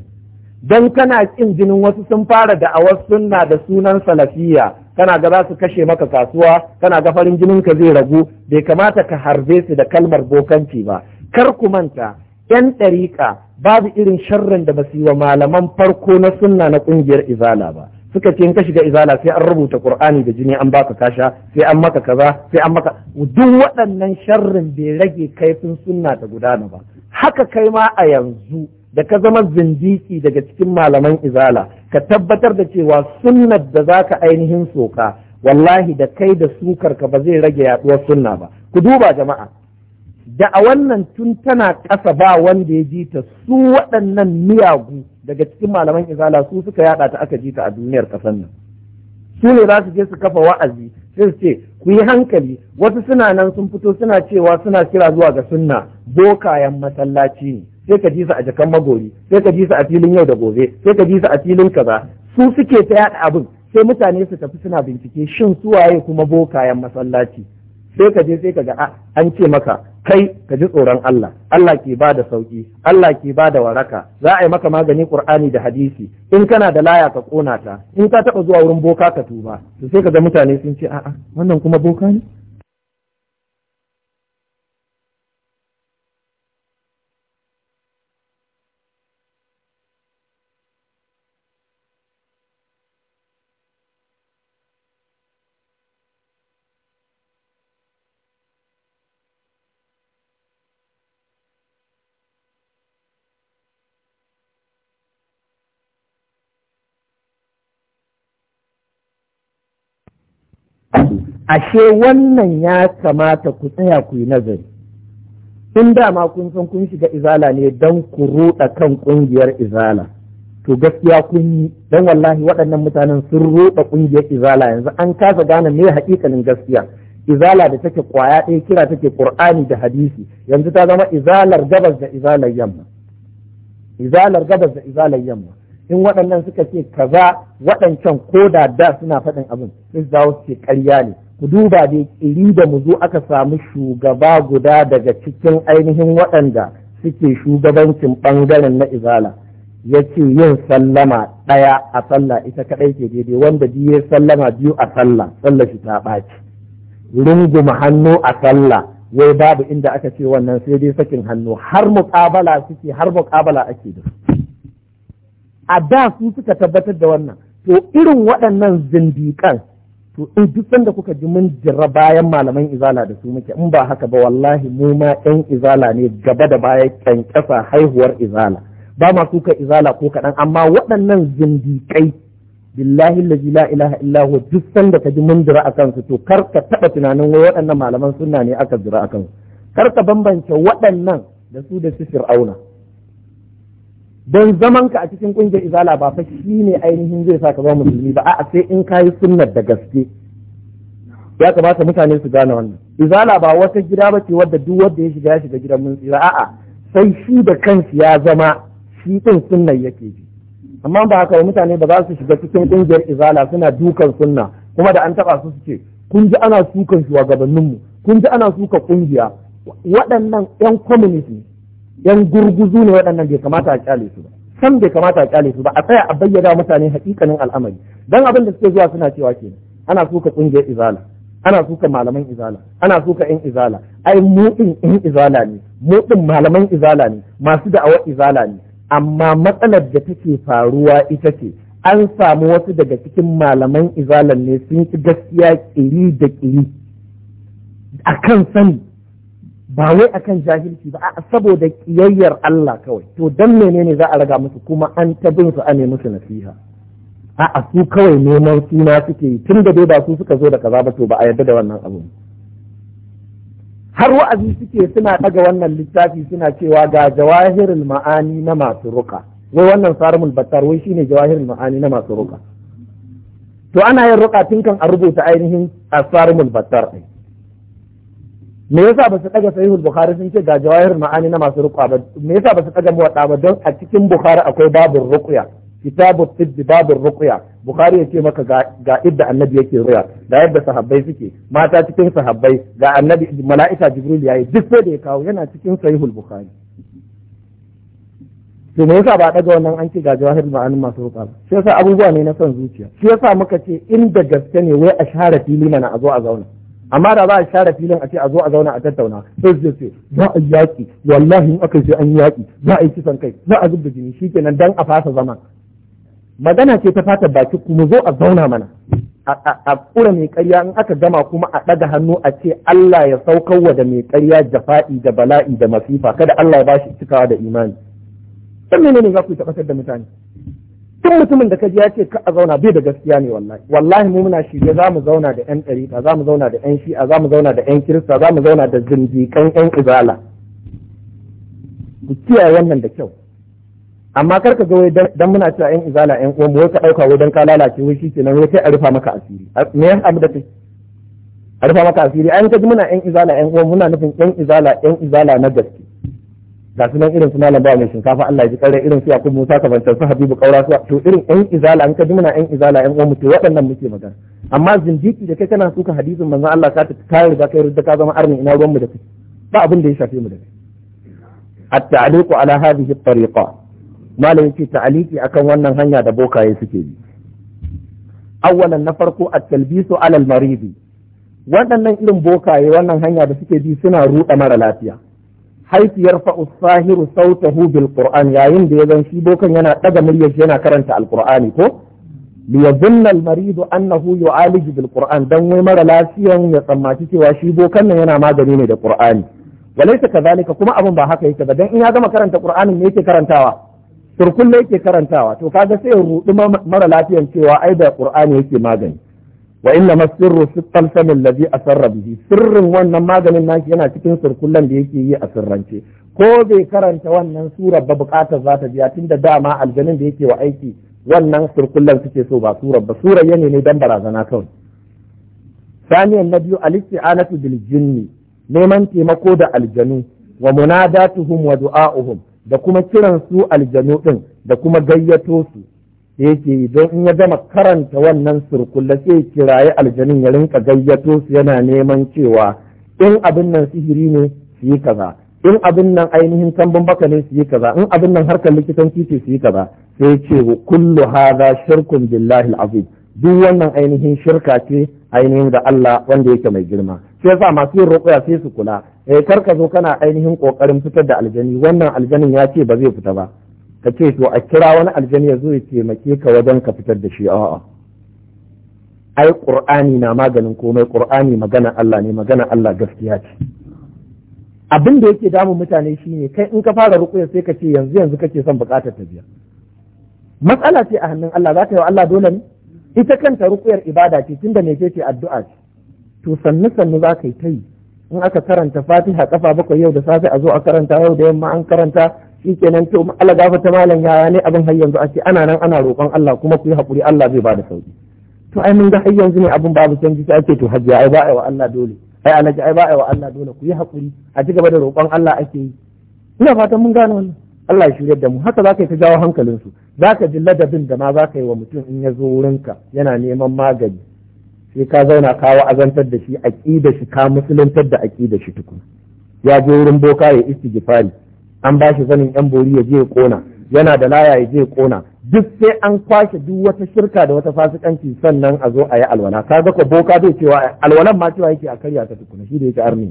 don kana ƙin jinin wasu sun fara da'awar sunna da sunan salafiya kana ga za su kashe maka kasuwa kana ga farin jinin ka zai ragu bai kamata ka harbe su da kalmar bokanci ba kar ku manta yan ɗariƙa babu irin sharrin da ba su yi wa malaman farko na sunna na ƙungiyar izala ba suka ce in ka shiga izala sai an rubuta qur'ani da jini an baka kasha sai an maka kaza sai an maka duk waɗannan sharrin bai rage kaifin sunna ta gudana ba haka kai ma a yanzu da ka zama zindiki daga cikin malaman izala ka tabbatar da cewa sunnar da za ka ainihin soka wallahi da kai da sukar ka ba zai rage yaduwar sunna ba ku duba jama'a da a wannan tun tana ƙasa ba wanda ya ji ta su waɗannan miyagu daga cikin malaman izala su suka yada ta aka ji ta a duniyar ƙasar nan su ne za su je su kafa wa'azi sai su ce ku yi hankali wasu suna nan sun fito suna cewa suna kira zuwa ga sunna bokayen masallaci ne sai ka ji a jakan magori sai ka ji a filin yau da gobe sai ka ji a filin kaza su suke ta yada abin sai mutane su tafi suna bincike shin su waye kuma bokayen masallaci sai ka je sai ka ga ah, an ce maka kai ka ji tsoron Allah Allah ke bada sauki Allah ke ba da waraka za a yi maka magani Qur'ani da hadisi in kana da laya ka kona ta in ka taba zuwa wurin boka ka tuba to sai ka ga mutane sun ce a'a wannan kuma boka ne ashe wannan ya kamata ku tsaya ku yi nazari in dama kun san kun shiga izala ne don ku ruɗa kan ƙungiyar izala to gaskiya kun yi don wallahi waɗannan mutanen sun ruɗa ƙungiyar izala yanzu an kasa gane me haƙiƙanin gaskiya izala da take ƙwaya ɗaya kira take ƙur'ani da hadisi yanzu ta zama izalar gabas da izalar yamma izalar gabas da izalar yamma in waɗannan suka ce kaza waɗancan ko da da suna faɗin abin sai su su ce ƙarya ne ku duba dai iri da mu zo aka samu shugaba guda daga cikin ainihin waɗanda suke shugabancin ɓangaren na izala ya ce yin sallama ɗaya a sallah ita kaɗai ke daidai wanda biyu ya sallama biyu a sallah sallah shi ta ɓaci runguma hannu a sallah wai babu inda aka ce wannan sai dai sakin hannu har muƙabala suke har muƙabala ake da su a da su suka tabbatar da wannan to irin waɗannan zindikan, to in duk sanda kuka ji mun jira bayan malaman izala da su muke in ba haka ba wallahi mu ma ɗan izala ne gaba da baya kyankyasa haihuwar izala ba ma kuka izala ko kaɗan amma waɗannan zindiƙai billahi lazi la ilaha illa huwa duk sanda ka ji mun jira a kansu to kar ka taɓa tunanin wai waɗannan malaman sunna ne aka jira a kansu kar ka bambance waɗannan da su da su fir'auna don zaman ka a cikin kungiyar izala ba fa shi ne ainihin zai sa ka zama musulmi ba a'a sai in kayi sunnar da gaske ya kamata mutane su gane wannan izala ba wata gida ba ce wadda duk wanda ya shiga shiga gidan mun tsira a'a sai shi da kansa ya zama shi din sunnar yake ji amma ba haka mutane ba za su shiga cikin kungiyar izala suna dukan sunna kuma da an taba su su ce kun ji ana sukan shugabanninmu kun ji ana suka kungiya waɗannan 'yan communist yan gurguzu ne waɗannan bai kamata a kyale su ba san bai kamata a kyale su ba a tsaya a bayyana mutane hakikanin al'amari dan abin da suke zuwa suna cewa kenan ana suka kungiyar izala ana suka malaman izala ana suka yan izala ai mu din izala ne mu din malaman izala ne masu da'awar izala ne amma matsalar da take faruwa ita ce an samu wasu daga cikin malaman izalan ne sun ci gaskiya ƙiri da ƙiri a kan sani ba wai akan jahilci ba a saboda kiyayyar Allah kawai to dan menene za a raga musu kuma an ta bin su ane musu nasiha a su kawai neman suna suke yi tun da dai ba su suka zo da kaza ba to ba a yarda da wannan abu har wa'azi suke suna daga wannan littafi suna cewa ga jawahirul ma'ani na masu ruka wai wannan sarumul battar wai shine jawahirul ma'ani na masu ruka to ana yin ruka tun kan a rubuta ainihin asarumul battar din me yasa ba su daga sahihul bukhari sun ce ga jawahir ma'ani na masu ruqya ba me yasa ba su daga muwadda ba don a cikin bukhari akwai babin rukuya? kitabu tibbi babin rukuya. bukhari yake maka ga idda annabi yake ruya ga yadda sahabbai suke mata cikin sahabbai ga annabi mala'ika jibril yayi duk sai da ya kawo yana cikin sahihul bukhari to me yasa ba daga wannan an ce ga jawahir ma'anin masu ruqa shi yasa abubuwa ne na son zuciya shi yasa muka ce inda gaske ne wai a share fili mana a zo a zauna amma da za a share filin a ce a zo a zauna a tattauna sai zai ce za a yi yaƙi wallahi in aka ce an yi yaƙi za a yi kisan kai za a zubda jini shikenan dan a fasa zama magana ce ta fata baki kuma zo a zauna mana a kura mai ƙarya in aka gama kuma a ɗaga hannu a ce Allah ya wa da mai ƙarya da fa'i da bala'i da masifa kada Allah ya bashi cikawa da imani sannan ne za ku tabbatar da mutane duk mutumin da kaji ya ce ka a zauna bai da gaskiya ne wallahi wallahi mu muna shirye za mu zauna da yan ɗariƙa za mu zauna da yan shi'a za mu zauna da yan kirista za mu zauna da zindiƙan yan izala ku kiyaye wannan da kyau amma kar ka ga wai dan muna cewa yan izala yan uwan wai ka ɗauka wai dan ka lalace wai shi kenan wai kai a rufa maka asiri me yan abu da kai a rufa maka asiri an kaji muna yan izala yan uwan muna nufin yan izala yan izala na gaske ga sunan irin su malam mai shinkafa Allah ya ji kare irin su yakub musa kabantar su habibu kaura su to irin ɗan izala an ka muna ɗan izala ɗan uwan mutu waɗannan muke magana amma zindiki da kai kana suka hadisin manzon Allah ka ta riga kai da ka zama arni ina ruwan mu da kai ba abin da ya shafe mu da kai at-ta'liqu ala hadhihi at-tariqa malam yace ta'liqi akan wannan hanya da bokaye suke bi awwalan na farko at-talbisu ala al-maridi waɗannan irin bokaye wannan hanya da suke bi suna ruɗa mara lafiya haifiyar yarfa usahiru sautahu bil qur'an yayin da ya zan shi bokan yana daga muryar yana karanta alqur'ani ko li yadhunna al maridu annahu yu'aliju bil qur'an dan wai mara lafiyan ya tsammaci cewa shi bokan nan yana magani ne da qur'ani walaysa kadhalika kuma abin ba haka yake ba dan in ya gama karanta qur'anin me yake karantawa turkulle yake karantawa to kaga sai ya rudi mara lafiyan cewa ai da qur'ani yake magani wa inna masirru fi talsam allazi asarra bihi sirrin wannan maganin naki yana cikin sirkullan da yake yi a sirrance ko bai karanta wannan surar ba bukatar za ta biya da dama aljanin da yake wa aiki wannan sirkullan suke so ba sura ba sura yana ne don barazana kawai saniyan na biyu al-isti'anatu bil jinni neman taimako da aljanu wa munadatuhum wa du'a'uhum da kuma kiran su aljanu ɗin, da kuma gayyato su yake yi don in ya gama karanta wannan surkulle sai kiraye aljanin ya rinka gayyato su yana neman cewa in abin nan sihiri ne su yi kaza in abin nan ainihin tambun baka ne su yi kaza in abin nan harkar likitanci ce su yi kaza sai ce kullu hadha shirkun billahi alazim duk wannan ainihin shirka ce ainihin da Allah wanda yake mai girma sai sa masu yin ruqya sai su kula eh kar ka zo kana ainihin kokarin fitar da aljani wannan aljanin ya ce ba zai fita ba ka ce to a kira wani aljani ya zo ya taimake ka wajen ka fitar da shi a'a ai qur'ani na maganin komai qur'ani magana Allah ne magana Allah gaskiya ce abin da yake damun mutane shine kai in ka fara rukuya sai ka ce yanzu yanzu kake son bukatar ta biya matsala ce a hannun Allah za ta yi wa Allah dole ne ita kanta rukuyar ibada ce tunda me ce addu'a ce to sannu sannu za ka yi ta yi in aka karanta fatiha kafa bakwai yau da safe a zo a karanta yau da yamma an karanta kenan to Allah ta malam yaya ne abin har yanzu a ce ana nan ana roƙon Allah kuma ku yi haƙuri Allah zai bada sauki to ai mun ga har yanzu ne abin babu canji sai ake to hajji ai ba ai wa Allah dole ai alaji ai ba ai wa Allah dole ku yi haƙuri a ci gaba da roƙon Allah ake yi ina fatan mun gane wannan Allah ya shirya da mu haka zaka yi ta jawo hankalin su zaka ji ladabin da ma zaka yi wa mutum in ya zo wurinka yana neman magani sai ka zauna ka azantar da shi aqida shi ka musuluntar da aqida shi tukun ya je wurin boka ya istighfari an ba shi zanin yan bori ya je ya kona yana da laya ya je kona duk sai an kwashe duk wata shirka da wata fasikanci sannan a zo a yi alwala kaga ko boka zai cewa alwalan ma cewa yake a karya ta tukuna shi da yake arni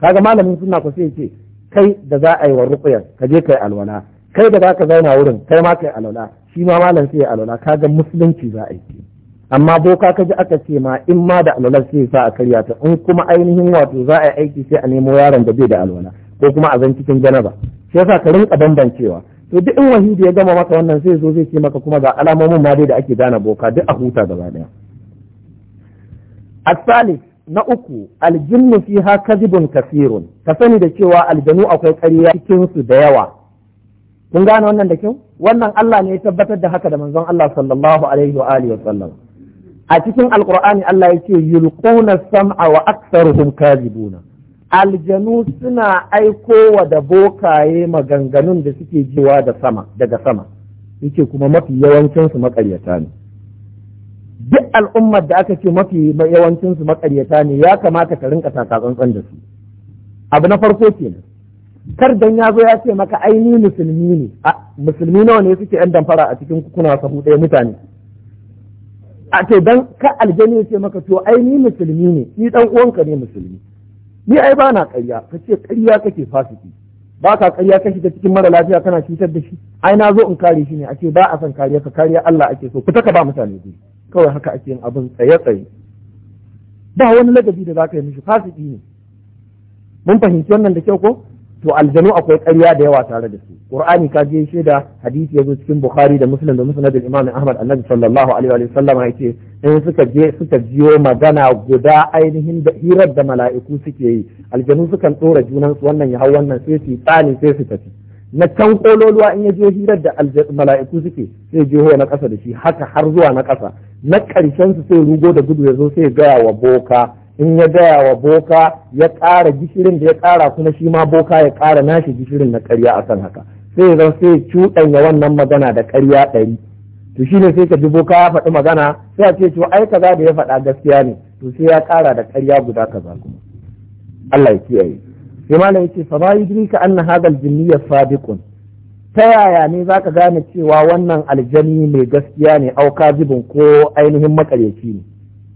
kaga malamin suna ko sai kai da za a yi wa ruqyar ka je kai alwala kai da za ka zauna wurin kai ma kai alwala shi ma malam sai ya alwala kaga musulunci za a yi amma boka kaji aka ce ma in ma da alwala sai sa a karya ta in kuma ainihin wato za a yi aiki sai a nemo yaron da bai da alwala ko kuma a cikin janaba shi yasa ka rinka bambancewa to duk in wahidi ya gama maka wannan sai zo zai ce maka kuma ga alamomin ma dai da ake gane boka duk a huta gaba daya asali na uku aljinnu ha kadhibun kasirun ka sani da cewa aljanu akwai ƙarya cikin su da yawa kun gane wannan da kyau wannan Allah ne ya tabbatar da haka da manzon Allah sallallahu alaihi wa alihi wa sallam a cikin alqur'ani Allah yake yulquna sam'a wa aktharuhum kadhibuna aljanu suna aiko wa da bokaye maganganun da suke jiwa da sama daga sama yake kuma mafi yawancinsu makaryata ne duk al'ummar da aka ce mafi yawancinsu makaryata ne ya kamata ka rinka takatsantsan da su abu na farko kenan kar dan ya zo ya ce maka aini musulmi ne a musulmi nawa ne suke yan damfara a cikin kuna sahu ɗaya mutane a to dan ka aljani ya ce maka to aini musulmi ne ni dan uwanka ne musulmi ni ai ba na ƙarya ka ce ƙarya kake fasiki ba ka ƙarya ka shiga cikin mara lafiya kana cutar da shi ai na zo in kare shi ne A ce ba a son kariya ka kariya Allah ake so fita ka ba mutane dai kawai haka ake yin abin tsaye tsaye ba wani ladabi da ka yi mishi fasiki ne mun fahimci wannan da kyau ko to aljanu akwai ƙarya da yawa tare da su qur'ani ka je da hadisi yazo cikin bukhari da muslim da musnad imam ahmad annabi sallallahu alaihi wa sallam yace in suka je suka jiyo magana guda ainihin da hirar da mala'iku suke yi aljanu sukan tsora junan su wannan ya hau wannan sai su tsani sai su tafi na can kololuwa in ya je hirar da mala'iku suke sai je na ƙasa da shi haka har zuwa na ƙasa na ƙarshen su sai rugo da gudu ya zo sai gaya wa boka in ya gaya wa boka ya ƙara gishirin da ya ƙara kuma shi ma boka ya ƙara nashi gishirin na ƙarya akan haka sai zan sai cuɗanya wannan magana da ƙarya ɗari to shi ne sai ka ji boka ya faɗi magana sai a ce to ai kaza da ya faɗa gaskiya ne to sai ya ƙara da ƙarya guda kaza kuma Allah ya kiyaye sai malam yace fa ba ka anna hadal jinniyya ta yaya ne za ka gane cewa wannan aljani mai gaskiya ne au kazibun ko ainihin makaryaci ne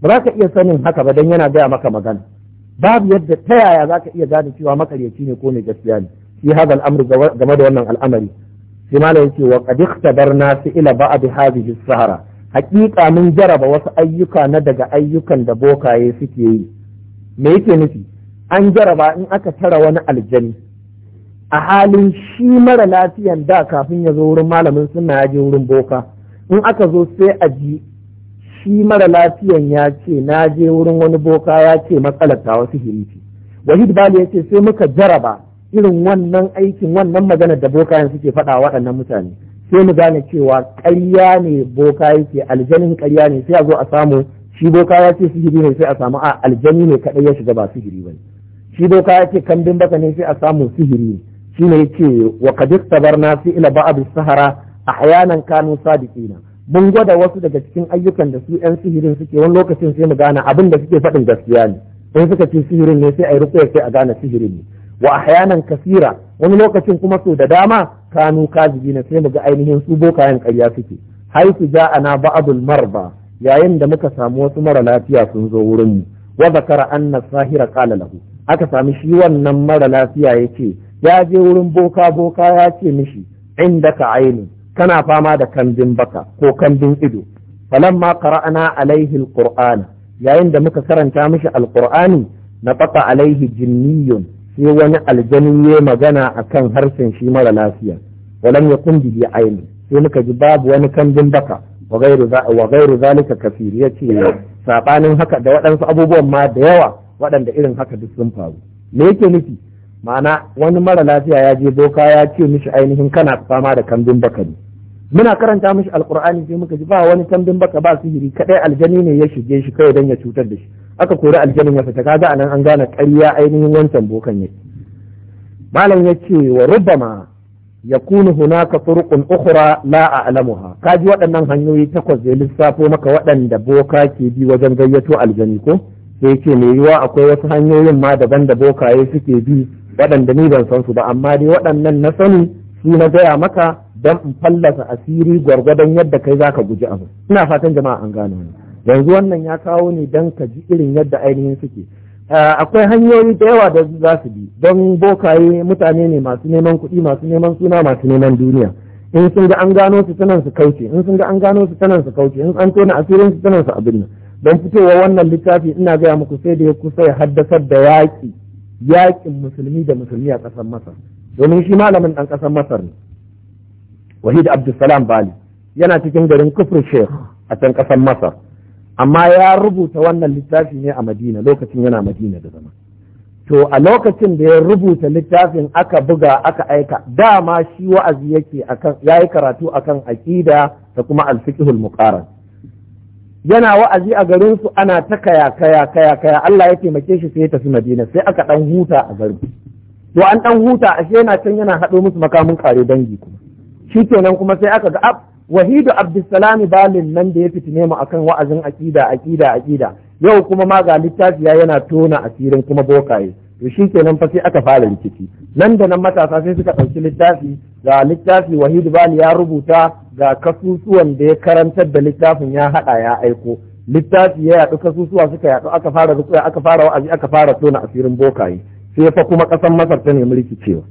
ba za ka iya sanin haka ba don yana gaya maka magana babu yadda ta yaya za ka iya gane cewa makaryaci ne ko mai gaskiya ne shi hada al'amri game da wannan al'amari sai malam yace wa ila ba bi ba'd hadhihi sahara haƙiƙa mun jaraba wasu ayyuka na daga ayyukan da bokaye suke yi me yake nufi an jaraba in aka tara wani aljani a halin shi mara lafiyan da kafin ya zo wurin malamin suna ya je wurin boka in aka zo sai a ji shi mara lafiyan ya ce na je wurin wani boka ya ce matsalar wasu hiriti wahid bali ya ce sai muka jaraba irin wannan aikin wannan maganar da bokayen suke faɗa waɗannan mutane sai mu gane cewa ƙarya ne boka yake aljanin ƙarya ne sai a zo a samu shi boka ya ce sihiri ne sai a samu a aljani ne kaɗai ya shiga ba sihiri ba shi boka ya ce kambin baka ne sai a samu sihiri ne shi ne ya ce wa kadis na fi ila ba'adu sahara hayanan kanu sadiqina mun gwada wasu daga cikin ayyukan da su yan sihirin suke wani lokacin sai mu gane abin da suke faɗin gaskiya ne in suka ci sihirin ne sai a yi rukuya sai a gane sihirin ne wa hayanan kasira wani lokacin kuma so da dama kanu kazibi na sai mu ga ainihin su bokayen karya suke a na ba'dul marba yayin da muka samu wasu mara lafiya sun zo wurin mu wa zakara anna sahira qala lahu aka sami shi wannan mara lafiya yace ya je wurin boka boka ya ce mishi indaka aini kana fama da kambin baka ko kambin ido ma qara'na alaihi alqur'ana yayin da muka karanta mishi alqur'ani na faɗa alaihi jinniyun sai wani aljanin ya magana akan harshen shi mara lafiya walam yakun bihi aini sai muka ji babu wani kambin baka wa gairu zalika kafir yace sabanin haka da waɗansu abubuwan ma da yawa waɗanda irin haka duk sun faru me yake nufi ma'ana wani mara lafiya ya je boka ya ce mishi ainihin kana fama da kambin baka ne muna karanta mishi alkur'ani sai muka ji ba wani kambin baka ba sihiri kadai aljani ne ya shige shi kawai dan ya cutar da shi aka kori aljanin ya fita kaga anan an gane ƙarya ainihin wancan bokan yake malam ya ce wa Rubama ya yakunu hunaka turuqun ukhra la a'lamuha ji waɗannan hanyoyi takwas zai lissafo maka waɗanda boka ke bi wajen gayyato aljani ko sai ce me yiwa akwai wasu hanyoyin ma daban da bokaye suke bi waɗanda ni ban san su ba amma dai waɗannan na sani su na gaya maka don in fallasa asiri gwargwadon yadda kai za ka guji abu ina fatan jama'a an gane ni yanzu wannan ya kawo ne don ka ji irin yadda ainihin suke akwai hanyoyi da yawa da za su bi don bokaye mutane ne masu neman kuɗi masu neman suna masu neman duniya in sun ga an gano su tanan su kauce in sun ga an gano su tanan su kauce in an tona asirin su tanan su abin nan don fitowa wannan littafi ina gaya muku sai da ya kusa ya haddasar da yaƙi yakin musulmi da musulmi a ƙasar masar domin shi malamin ɗan ƙasar masar ne wahid abdulsalam bali yana cikin garin kufur sheikh a can ƙasar masar amma ya rubuta wannan littafi ne a madina lokacin yana madina da zama to a lokacin da ya rubuta littafin aka buga aka aika dama shi wa'azi yake akan yayi karatu akan aƙida da kuma alfiqhul muqarrar yana wa'azi a garinsu ana ta kaya kaya kaya kaya Allah ya taimake shi sai ya tafi Madina sai aka ɗan huta a garin to an ɗan huta ashe yana can yana haɗo musu makamin kare dangi kuma shikenan kuma sai aka ga ab wahidu abdussalam balin nan da ya fitine mu akan wa'azin aƙida aqida aqida yau kuma ma ga littafiya yana tona asirin kuma bokaye to shi kenan fa sai aka fara rikici nan da nan matasa sai suka ɗauki littafi ga littafi wahid Bani ya rubuta ga kasusuwan da ya karantar da littafin ya haɗa ya aiko littafi ya yaɗu kasusuwa suka yaɗu aka fara rukuya aka fara wa'azi aka fara tona asirin bokaye sai fa kuma ƙasan masar ta nemi rikicewa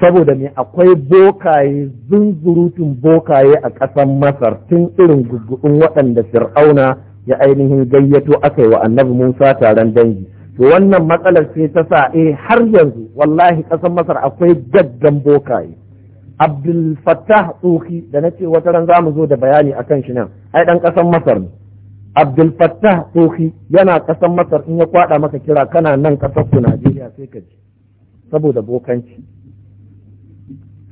saboda me akwai bokaye zunzurutun bokaye a ƙasar masar tun irin gugguɗin waɗanda fir'auna ya ainihin gayyato aka yi wa annabi musa taron dangi to wannan matsalar ce ta sa eh har yanzu wallahi ƙasar masar akwai gaggan bokaye abdul fattah tsoki da na ce wata ran za mu zo da bayani akan shi nan ai dan ƙasar masar ne abdul fattah tsoki yana ƙasar masar in ya kwada maka kira kana nan ƙasar ku najeriya sai ka ji saboda bokanci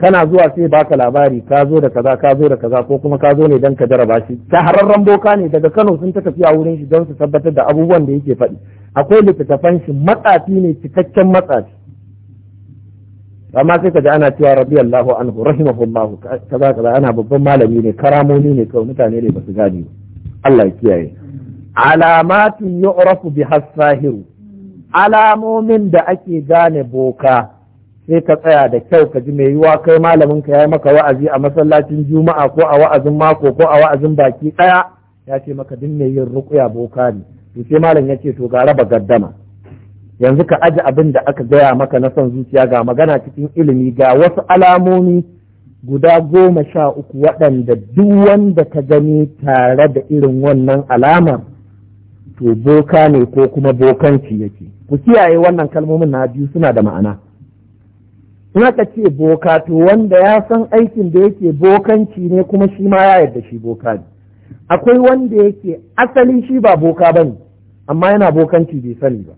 kana zuwa sai baka labari ka zo da kaza ka zo da kaza ko kuma ka zo ne don ka jaraba shi shahararren boka ne daga kano sun ta tafiya wurin shi don su tabbatar da abubuwan da yake faɗi akwai littattafan shi matsafi ne cikakken matsafi amma sai ka ji ana cewa radiyallahu anhu rahimahullahu kaza kaza ana babban malami ne karamoni ne kawai mutane ne ba su gane Allah ya kiyaye alamatin yu'rafu bi hasahiru alamomin da ake gane boka sai ka tsaya da kyau ka ji mai yiwa kai malamin ka ya maka wa'azi a masallacin juma'a ko a wa'azin mako ko a wa'azin baki daya ya ce maka din yin ruqya boka ne to sai malam ya ce to ga raba gaddama yanzu ka aji abin da aka gaya maka na son zuciya ga magana cikin ilimi ga wasu alamomi guda goma sha uku waɗanda duk wanda ka gani tare da irin wannan alamar to boka ne ko kuma bokanci yake ku kiyaye wannan kalmomin na biyu suna da ma'ana in aka ce boka to wanda ya san aikin da yake bokanci ne kuma shi ma ya yarda shi boka ne akwai wanda yake asali shi ba boka ba ne amma yana bokanci bai sani ba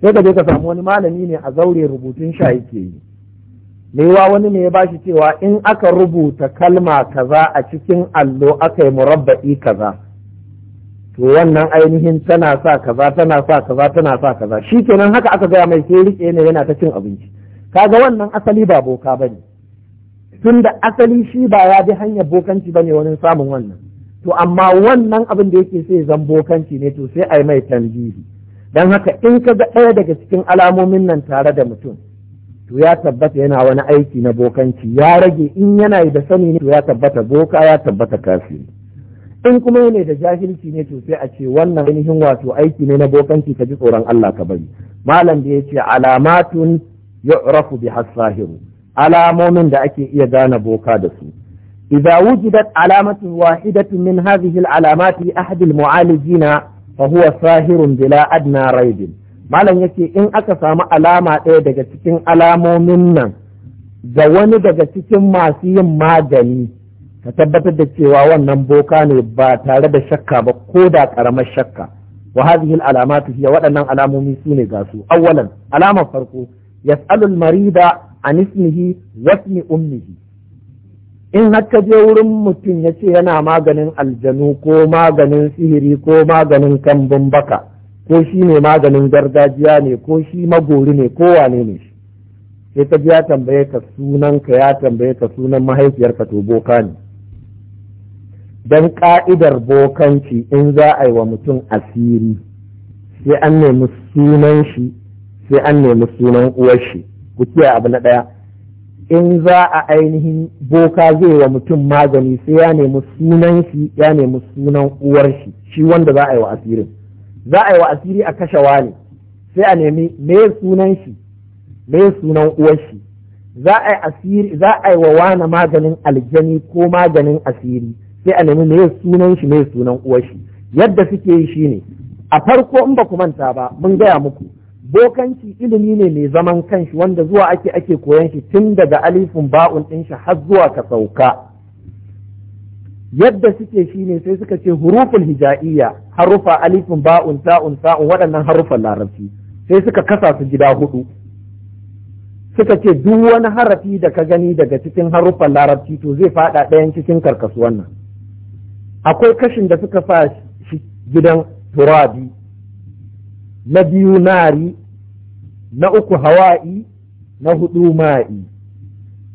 sai ka je ka samu wani malami ne a zaure rubutun sha yake yi wa wani ne ya ba shi cewa in aka rubuta kalma kaza a cikin allo aka yi murabba'i kaza to wannan ainihin tana sa kaza tana sa kaza tana sa kaza shikenan haka aka gaya mai sai rike ne yana ta cin abinci kaga wannan asali ba boka bane tun da asali shi ba ya bi hanyar bokanci ba ne wani samun wannan to amma wannan abin da yake sai zan bokanci ne to sai a yi mai tanbihi don haka in ka ga ɗaya daga cikin alamomin nan tare da mutum to ya tabbata yana wani aiki na bokanci ya rage in yana yi da sani ne to ya tabbata boka ya tabbata kafi in kuma yana da jahilci ne to sai a ce wannan ainihin wato aiki ne na bokanci ka ji tsoron Allah ka bari malam da ya ce alamatun yu'rafu bi hasahiru alamomin da ake iya gane boka da su idza wujidat alamatun wahidatun min hadhihi alamati ahad al-mu'alijina fa huwa sahirun bila adna raibin malam yace in aka samu alama ɗaya daga cikin alamomin nan ga wani daga cikin masu yin magani ka tabbatar da cewa wannan boka ne ba tare da shakka ba ko da karamar shakka wa hadhihi alamatu hiya waɗannan alamomi sune ga su awwalan alamar farko yasalul marida an ismihi wasmi ummihi in har je wurin mutum ya ce yana maganin aljanu ko maganin sihiri ko maganin kambun baka ko shi ne maganin gargajiya ne ko shi magori ne ko wane ne shi sai ka ya tambaye ka sunan ka ya tambaye ka sunan mahaifiyarka to boka ne don ka'idar bokanci in za a yi wa mutum asiri sai an nemi sunan shi sai an nemi sunan uwar shi ku kiyaye abu na ɗaya in za a ainihin boka zai wa mutum magani sai ya nemi sunan shi ya nemi sunan uwar shi shi wanda za a yi wa asirin za a yi wa asiri a kashe wani sai a nemi me sunan shi me sunan uwar shi za a yi asiri za a yi wa wani maganin aljani ko maganin asiri sai a nemi me sunan shi me sunan uwar shi yadda suke yi shine a farko in ba ku manta ba mun gaya muku bokanci ilimi ne mai zaman kanshi wanda zuwa ake ake koyan shi tun daga alifin ba'un ɗin shi har zuwa ka sauka yadda suke shi ne sai suka ce huruful hija'iyya harufa alifin ba'un ta'un ta'un waɗannan harufan larabci sai suka kasa su gida hudu suka ce duk wani harafi da ka gani daga cikin harufan larabci to zai faɗa ɗayan cikin karkasuwan nan akwai kashin da suka sa shi gidan turabi na biyu nari na uku hawa'i na hudu ma'i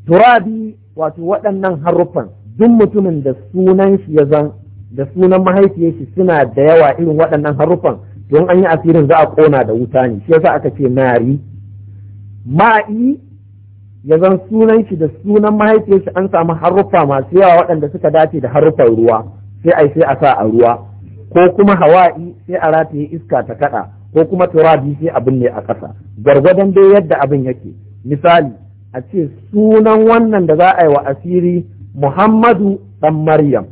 turabi wato waɗannan haruffan duk mutumin da sunan shi ya zan da sunan mahaifiyarsa suna da yawa irin waɗannan haruffan don an yi asirin za a kona da wuta ne shi yasa aka ce nari ma'i ya zan sunan shi da sunan mahaifiyarsa an samu haruffa masu yawa waɗanda suka dace da haruffan ruwa sai ai sai a sa a ruwa ko kuma hawa'i sai a rataye iska ta kaɗa ko kuma turabi sai abin ne a ƙasa gargadon dai yadda abin yake misali a ce sunan wannan da za a yi wa asiri muhammadu dan maryam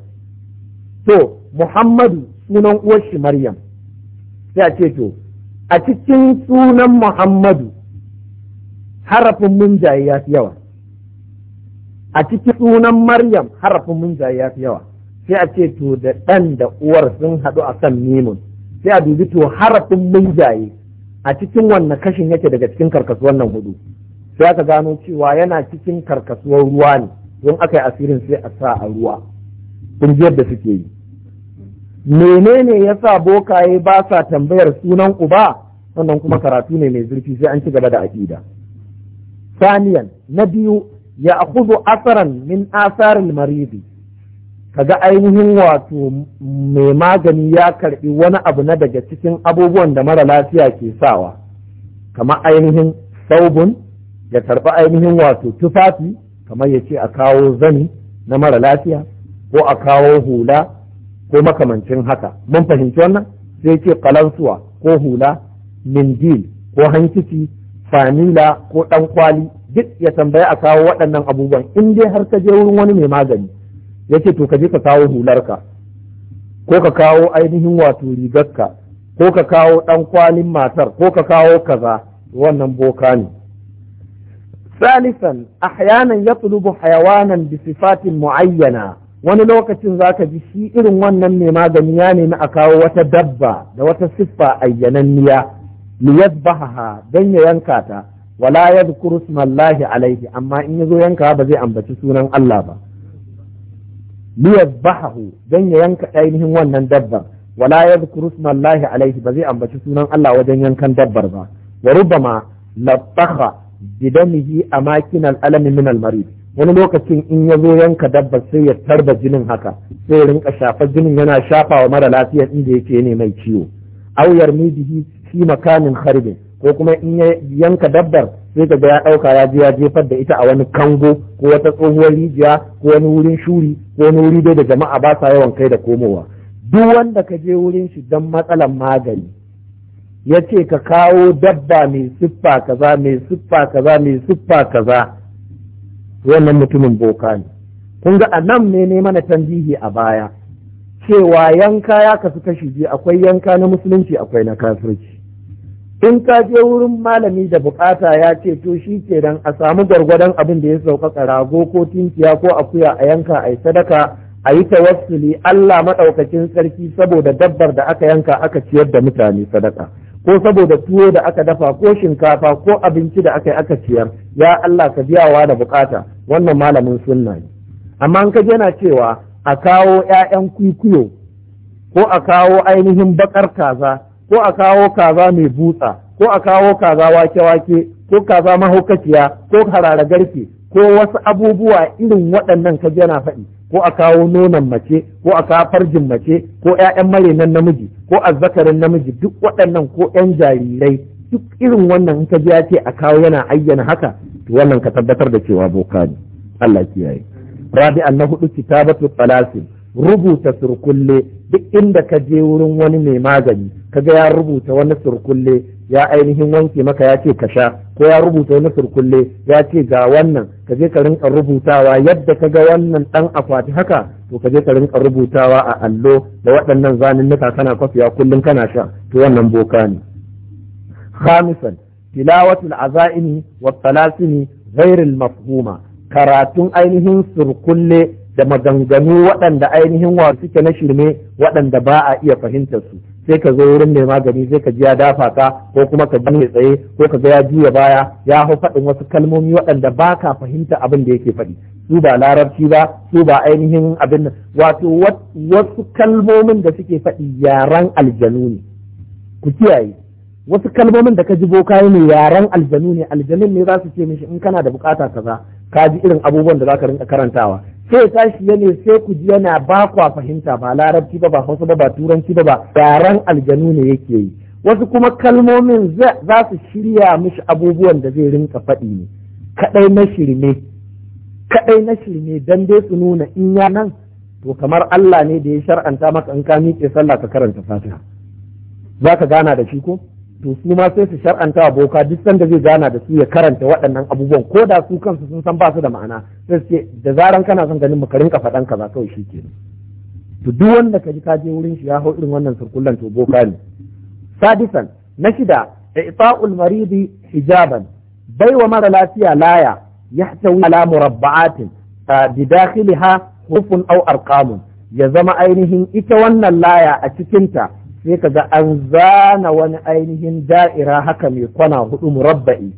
to muhammadu sunan uwar shi maryam sai a ce to a cikin sunan muhammadu harafin jaye ya fi yawa a cikin sunan maryam harafin jaye ya fi yawa sai a ce to da ɗan da uwar sun haɗu a kan mimun sai a dubi to harafin munjaye a cikin wannan kashin yake daga cikin karkasuwan nan hudu sai aka gano cewa yana cikin karkasuwar ruwa ne don aka yi asirin sai a sa a ruwa kun yadda suke yi menene ya sa bokaye ba sa tambayar sunan uba wannan kuma karatu ne mai zurfi sai an ci gaba da aƙida saniyan na biyu ya akudu asaran min asarin maridi Ka ga ainihin wato mai magani ya karɓi wani abu na daga cikin abubuwan da mara lafiya ke sawa kamar ainihin saubun ya karbi ainihin wato tufafi kamar ya ce a kawo zani na mara lafiya ko a kawo hula ko makamancin haka mun fahimci wannan sai ce kalansuwa ko hula mindil ko hankici famila ko ɗan kwali, duk ya tambaya a kawo waɗannan abubuwan in dai har ka je wurin wani mai magani Ya ce to ka je ka kawo hularka ko ka kawo ainihin wato rigarka ko ka kawo ɗan kwalin matar ko ka kawo kaza wannan boka ne salisan ahyanan yatlubu hayawanan bi sifatin muayyana wani lokacin zaka ji shi irin wannan mai magani ya nemi a kawo wata dabba da wata siffa ayyananniya liyadbahaha dan ya yanka ta wala yadhkuru ismallahi alaihi amma in ya zo yanka ba zai ambaci sunan Allah ba liyadhahu dan ya yanka ainihin wannan dabbar wala yadhkuru ismallahi alaihi ba zai ambaci sunan Allah wajen yankan dabbar ba wa rubbama latakha bidamihi amakin al'alami min al-marid wani lokacin in ya zo yanka dabba sai ya tarba jinin haka sai ya rinka shafa jinin yana shafa wa mara lafiyar inda yake ne mai ciwo auyar mijihi fi makamin harbin ko kuma in ya yanka dabbar sai ka ga ya ɗauka ya je ya jefar da ita a wani kango ko wata tsohuwar rijiya ko wani wurin shuri ko wani wuri dai da jama'a ba sa yawan kai da komowa duk wanda ka je wurin shi don matsalan magani ya ce ka kawo dabba mai siffa kaza mai siffa kaza mai siffa kaza wannan mutumin boka ne kun ga anan ne ne mana tanzihi a baya cewa yanka ya kasu kashi biyu akwai yanka na musulunci akwai na kafirci in ka je wurin malami da bukata ya ce to shi ke dan a samu gwargwadon abin da ya sauƙaƙa rago ko tinkiya ko akuya a yanka a yi sadaka a yi tawassuli Allah maɗaukacin sarki saboda dabbar da aka yanka aka ciyar da mutane sadaka ko saboda tuwo da aka dafa ko shinkafa ko abinci da aka yi aka ciyar ya Allah ka biyawa da bukata wannan malamin sunna ne amma in ka yana cewa a kawo 'ya'yan kwikwiyo ko a kawo ainihin baƙar kaza ko a kawo kaza mai butsa ko a kawo kaza wake-wake ko kaza mahaukaciya ko harara garke ko wasu abubuwa irin waɗannan kaji yana faɗi ko a kawo nonon mace ko a kawo farjin mace ko 'ya'yan marenan namiji ko azzakarin namiji duk waɗannan ko 'yan jarirai duk irin wannan in kaji ya ce a kawo yana ayyana haka to wannan ka tabbatar da cewa boka ne Allah kiyaye rabi'an na hudu kitabatul talasil rubuta surkulle duk inda ka je wurin wani mai magani kaga ya rubuta wani surkulle ya ainihin wanke maka ya ce ka sha ko ya rubuta wani surkulle ya ce ga wannan ka je ka rinka rubutawa yadda ka ga wannan dan akwati haka to ka je ka rinka rubutawa a allo da waɗannan zanunnuka kana kwafiya kullum kana sha to wannan boka ne khamisan tilawatul azaimi wa Salasini, ghairul mafhuma karatun ainihin surkulle da maganganu waɗanda ainihin wa suke na shirme waɗanda ba a iya fahimtar su sai ka zo wurin mai magani sai ka ji ya dafa ka ko kuma ka ji tsaye ko ka ga ya juya baya ya hau faɗin wasu kalmomi waɗanda ba ka fahimta abin da yake faɗi su ba larabci ba su ba ainihin abin wato wasu kalmomin da suke faɗi yaran aljanu ne ku kiyaye wasu kalmomin da ka ji boka ne yaran aljanu ne aljanun ne za su ce mishi in kana da bukata kaza ka ji irin abubuwan da za ka rinka karantawa sai tashi yane sai ku ji yana ba kwa fahimta ba larabci ba ba hausa ba ba turanci ba ba yaren aljanu ne yake yi wasu kuma kalmomin za su shirya mishi abubuwan da zai rinka faɗi ne kaɗai na shirme kaɗai na shirme dan dai su nuna in ya nan to kamar Allah ne da ya shar'anta maka in ka miƙe sallah ka karanta fatiha za ka gana da shi ko to su ma sai su shar'anta wa boka duk sanda zai gana da su ya karanta waɗannan abubuwan ko da su kansu sun san ba su da ma'ana sai ce da zaran kana son ganin mu ka rinka faɗan kaza kawai shi ke to duk wanda ka ji ka je wurin shi ya hau irin wannan surkullan to boka ne sadisan na shida i'ta'ul maridi hijaban baiwa mara lafiya laya yahtawi ala murabba'atin bi dakhiliha hufun aw arqamun ya zama ainihin ita wannan laya a cikinta sai ka ga an zana wani ainihin da'ira haka mai kwana hudu murabba'i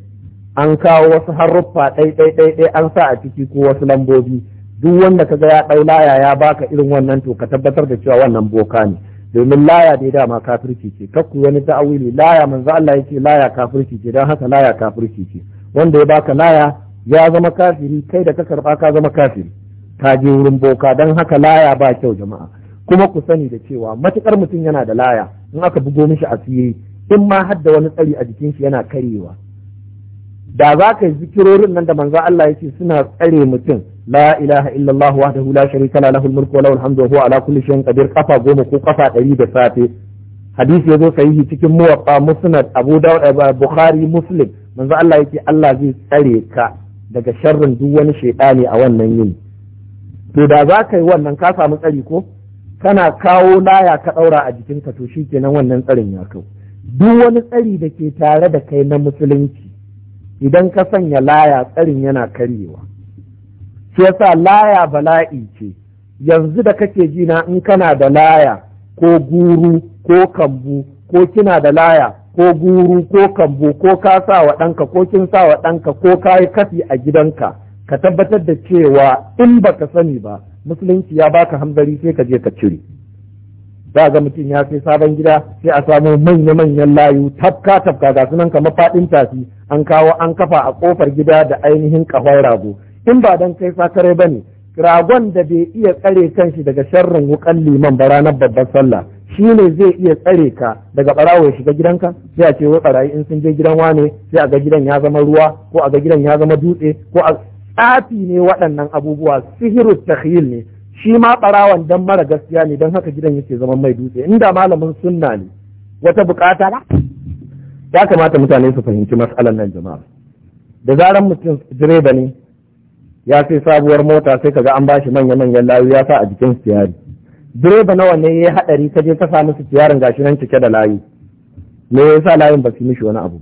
an kawo wasu haruffa ɗai ɗai ɗai ɗai an sa a ciki ko wasu lambobi duk wanda ka ga ya ɗau laya ya baka irin wannan to ka tabbatar da cewa wannan boka ne domin laya dai dama kafirci ce kakku wani ta'awili laya manzo Allah yake laya kafirci ce dan haka laya kafirci ce wanda ya baka laya ya zama kafiri kai da ka karba ka zama kafiri ka je wurin boka Don haka laya ba kyau jama'a kuma ku sani da cewa matukar mutum yana da laya in aka bugo mishi asiri in ma hadda wani tsari a jikin shi yana karewa da za ka yi zikirorin nan da manzo Allah yake suna tsare mutum la ilaha illallah wahdahu la sharika la lahul mulku wa lahul hamdu wa huwa ala kulli shay'in qadir kafa goma ko kafa ɗari da safe hadisi yazo sahihi cikin muwaffa musnad abu dawud eh, bukhari muslim manzo Allah yake Allah zai tsare ka daga sharrin duk wani shaytani a wannan yini to da za ka yi wannan ka samu tsari ko kana kawo laya ka ɗaura a jikinka to shi kenan wannan tsarin ya kau duk wani tsari da ke tare da kai na musulunci idan ka sanya laya tsarin yana karyewa shi yasa laya bala'i ce yanzu da kake ji na in kana da laya ko guru ko kambu ko kina da laya ko guru ko kambu ko ka sa wa ɗanka ko kin sa wa ɗanka ko ka yi kafi a gidanka ka tabbatar da cewa in baka sani ba musulunci ya baka hanzari sai ka je ka cire za ga mutum ya sai sabon gida sai a samu manya-manyan layu tafka tafka ga sunan kamar faɗin tafi an kawo an kafa a kofar gida da ainihin kahon rago in ba dan kai sakare ba ne ragon da bai iya tsare kanshi daga sharrin wukan liman ba ranar babbar sallah shi ne zai iya tsare ka daga ɓarawo ya shiga gidanka sai a ce wai barayi in sun je gidan wane sai a ga gidan ya zama ruwa ko a ga gidan ya zama dutse ko a tsafi ne waɗannan abubuwa sihiru takhil ne shi ma ɓarawan dan mara gaskiya ne don haka gidan yake zaman mai dutse inda malamin sunna ne wata bukata ba ya kamata mutane su fahimci matsalar nan jama'a da zaran mutum direba ne ya sai sabuwar mota sai kaga an bashi manya-manyan layu ya sa a jikin siyari direba nawa ne ya haɗari ka je ka sa musu siyarin gashi nan cike da layu me yasa layin ba su mishi wani abu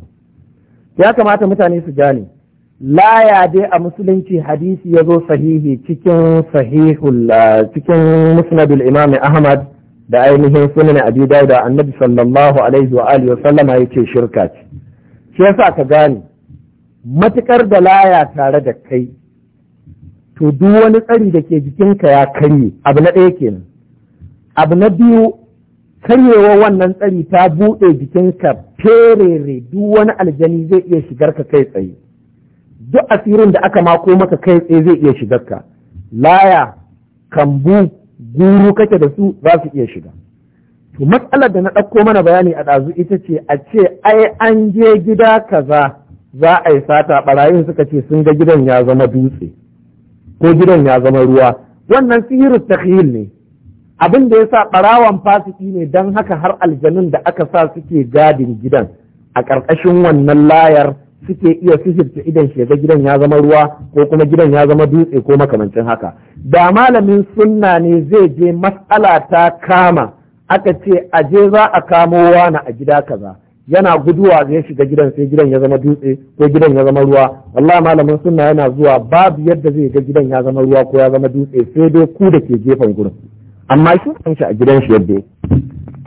ya kamata mutane su gane laya dai a musulunci hadisi ya zo sahihi cikin sahihul cikin musnadul imam ahmad da ainihin sunan abi dawud annabi sallallahu alaihi wa alihi wa sallama yace shirka ce shi yasa ka gane matukar da laya tare da kai to duk wani tsari da ke jikinka ya karye abu na ɗaya kenan abu na biyu karyewa wannan tsari ta buɗe jikinka ferere duk wani aljani zai iya shigar ka kai tsaye duk asirin da aka mako maka kai tsaye zai iya shigar ka laya kambu guru kake da su za su iya shiga to matsalar da na ɗauko mana bayani a ɗazu ita ce a ce ai an je gida kaza za a yi sata ɓarayin suka ce sun ga gidan ya zama dutse ko gidan ya zama ruwa wannan sihirin takhil ne abin da ya sa ɓarawan fasiki ne don haka har aljanun da aka sa suke gadin gidan a ƙarƙashin wannan layar suke iya sihirta idan shi ga gidan ya zama ruwa ko kuma gidan ya zama dutse ko makamancin haka da malamin sunna ne zai je matsala ta kama aka ce a je za a kamo wani a gida kaza yana guduwa zai shiga gidan sai gidan ya zama dutse ko gidan ya zama ruwa wallahi malamin sunna yana zuwa babu yadda zai ga gidan ya zama ruwa ko ya zama dutse sai dai ku da ke gefen gurin amma shi a gidan shi yadda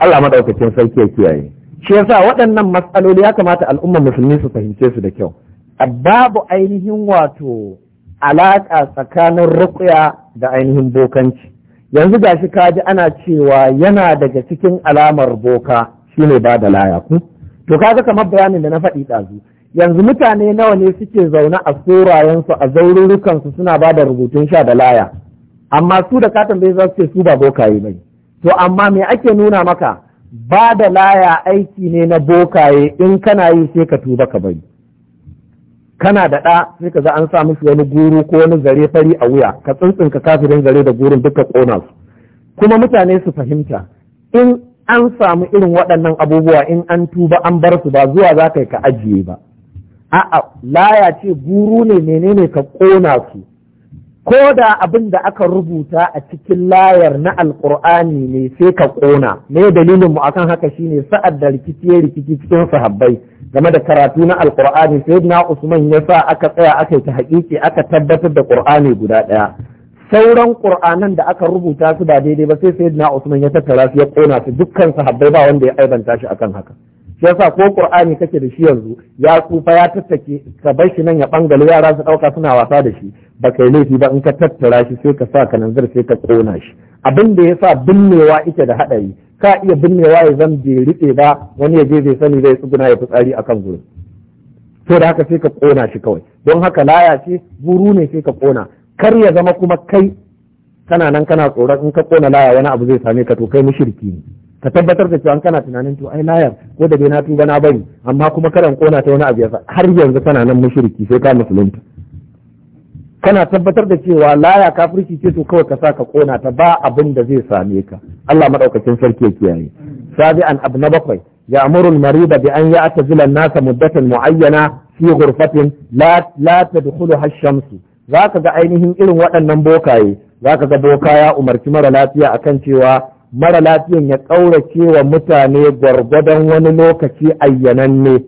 Allah madaukakin sarki ya kiyaye shi yasa waɗannan matsaloli ya kamata al'ummar musulmi su fahimce su da kyau babu ainihin wato alaƙa tsakanin rukuya da ainihin bokanci yanzu ga shi kaji ana cewa yana daga cikin alamar boka shine ba da laya to kaga kamar bayanin da na faɗi ɗazu yanzu mutane nawa ne suke zaune a sorayensu a zaururukansu suna ba da rubutun sha da laya amma su da katon bai za su ce su ba bokaye bai to amma me ake nuna maka ba da laya aiki ne na bokaye in kana yi sai ka tuba ka bari kana da ɗa sai ka za an sa su wani guru ko wani zare fari a wuya ka tsintsinka kafirin zare da gurin duka ƙona su kuma mutane su fahimta in an samu irin waɗannan abubuwa in an tuba an bar su ba zuwa za ka yi ka ajiye ba a'a laya ce guru ne menene ka ƙona su ko da abin da aka rubuta a cikin layar na alkur'ani ne sai ka ƙona me dalilin mu akan haka shine sa'ad da rikici ya rikici cikin sahabbai game da karatu na alkur'ani sai na usman ya sa aka tsaya aka yi ta haƙiƙi aka tabbatar da ƙur'ani guda ɗaya sauran ƙur'anan da aka rubuta su ba daidai ba sai sayyidina usman ya tattara su ya ƙona su dukkan sahabbai ba wanda ya aibanta shi akan haka shi yasa ko ƙur'ani kake da shi yanzu ya tsufa ya tattake ka bar shi nan ya bangale yara su ɗauka suna wasa da shi ba kai laifi ba in ka tattara shi sai ka sa kananzir sai ka kona shi abin da ya sa binnewa ita da haɗari ka iya binnewa ya zan bai riƙe ba wani ya je zai sani zai tsuguna ya fitsari a kan gurin to da haka sai ka kona shi kawai don haka laya ce buru ne sai ka kona kar ya zama kuma kai kana nan kana tsoron in ka kona laya wani abu zai same ka to kai mushriki ne ka tabbatar da cewa kana tunanin to ai layar ko da bai na tuba na bari amma kuma karan kona ta wani abu ya har yanzu kana nan mushriki sai ka musulunta kana tabbatar da cewa laya kafirci ce to kawai ka sa ka kona ta ba abin da zai same ka Allah madaukakin sarki ya kiyaye sabi'an abu na bakwai ya al-marida bi an ya'tazila an-nasa muddatan mu'ayyana fi ghurfatin la la tadkhuluha ash-shamsu zaka ga ainihin irin waɗannan bokaye zaka ga boka ya umarci mara lafiya akan cewa mara lafiyan ya ƙaurace wa mutane gwargwadon wani lokaci ayyananne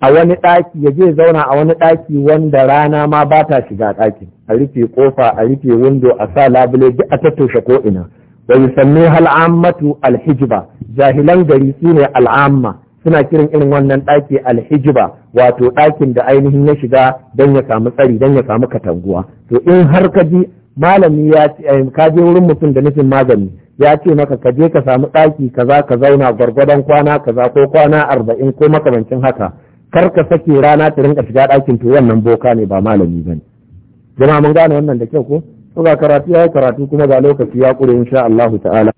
a wani ɗaki ya je zauna a wani ɗaki wanda rana ma ba ta shiga ɗakin a rufe ƙofa, a rufe windo a sa labule duk a tattoshe ko ina wa yusammi al'ammatu alhijba jahilan gari sune al'amma suna kiran irin wannan ɗaki alhijba wato ɗakin da ainihin ya shiga don ya samu tsari don ya samu katanguwa to in har ka ji malami ya ce eh, ka je wurin mutum da nufin magani ya ce maka ka je ka samu ɗaki kaza ka zauna gwargwadon kwana kaza ko kwana arba'in ko makamancin haka kar ka sake rana ta rinka shiga ɗakin to wannan boka ne ba malami ba ne. jama'a mun gane wannan da kyau ko to ga karatu ya yi karatu kuma ga lokaci ya kure insha Allah ta'ala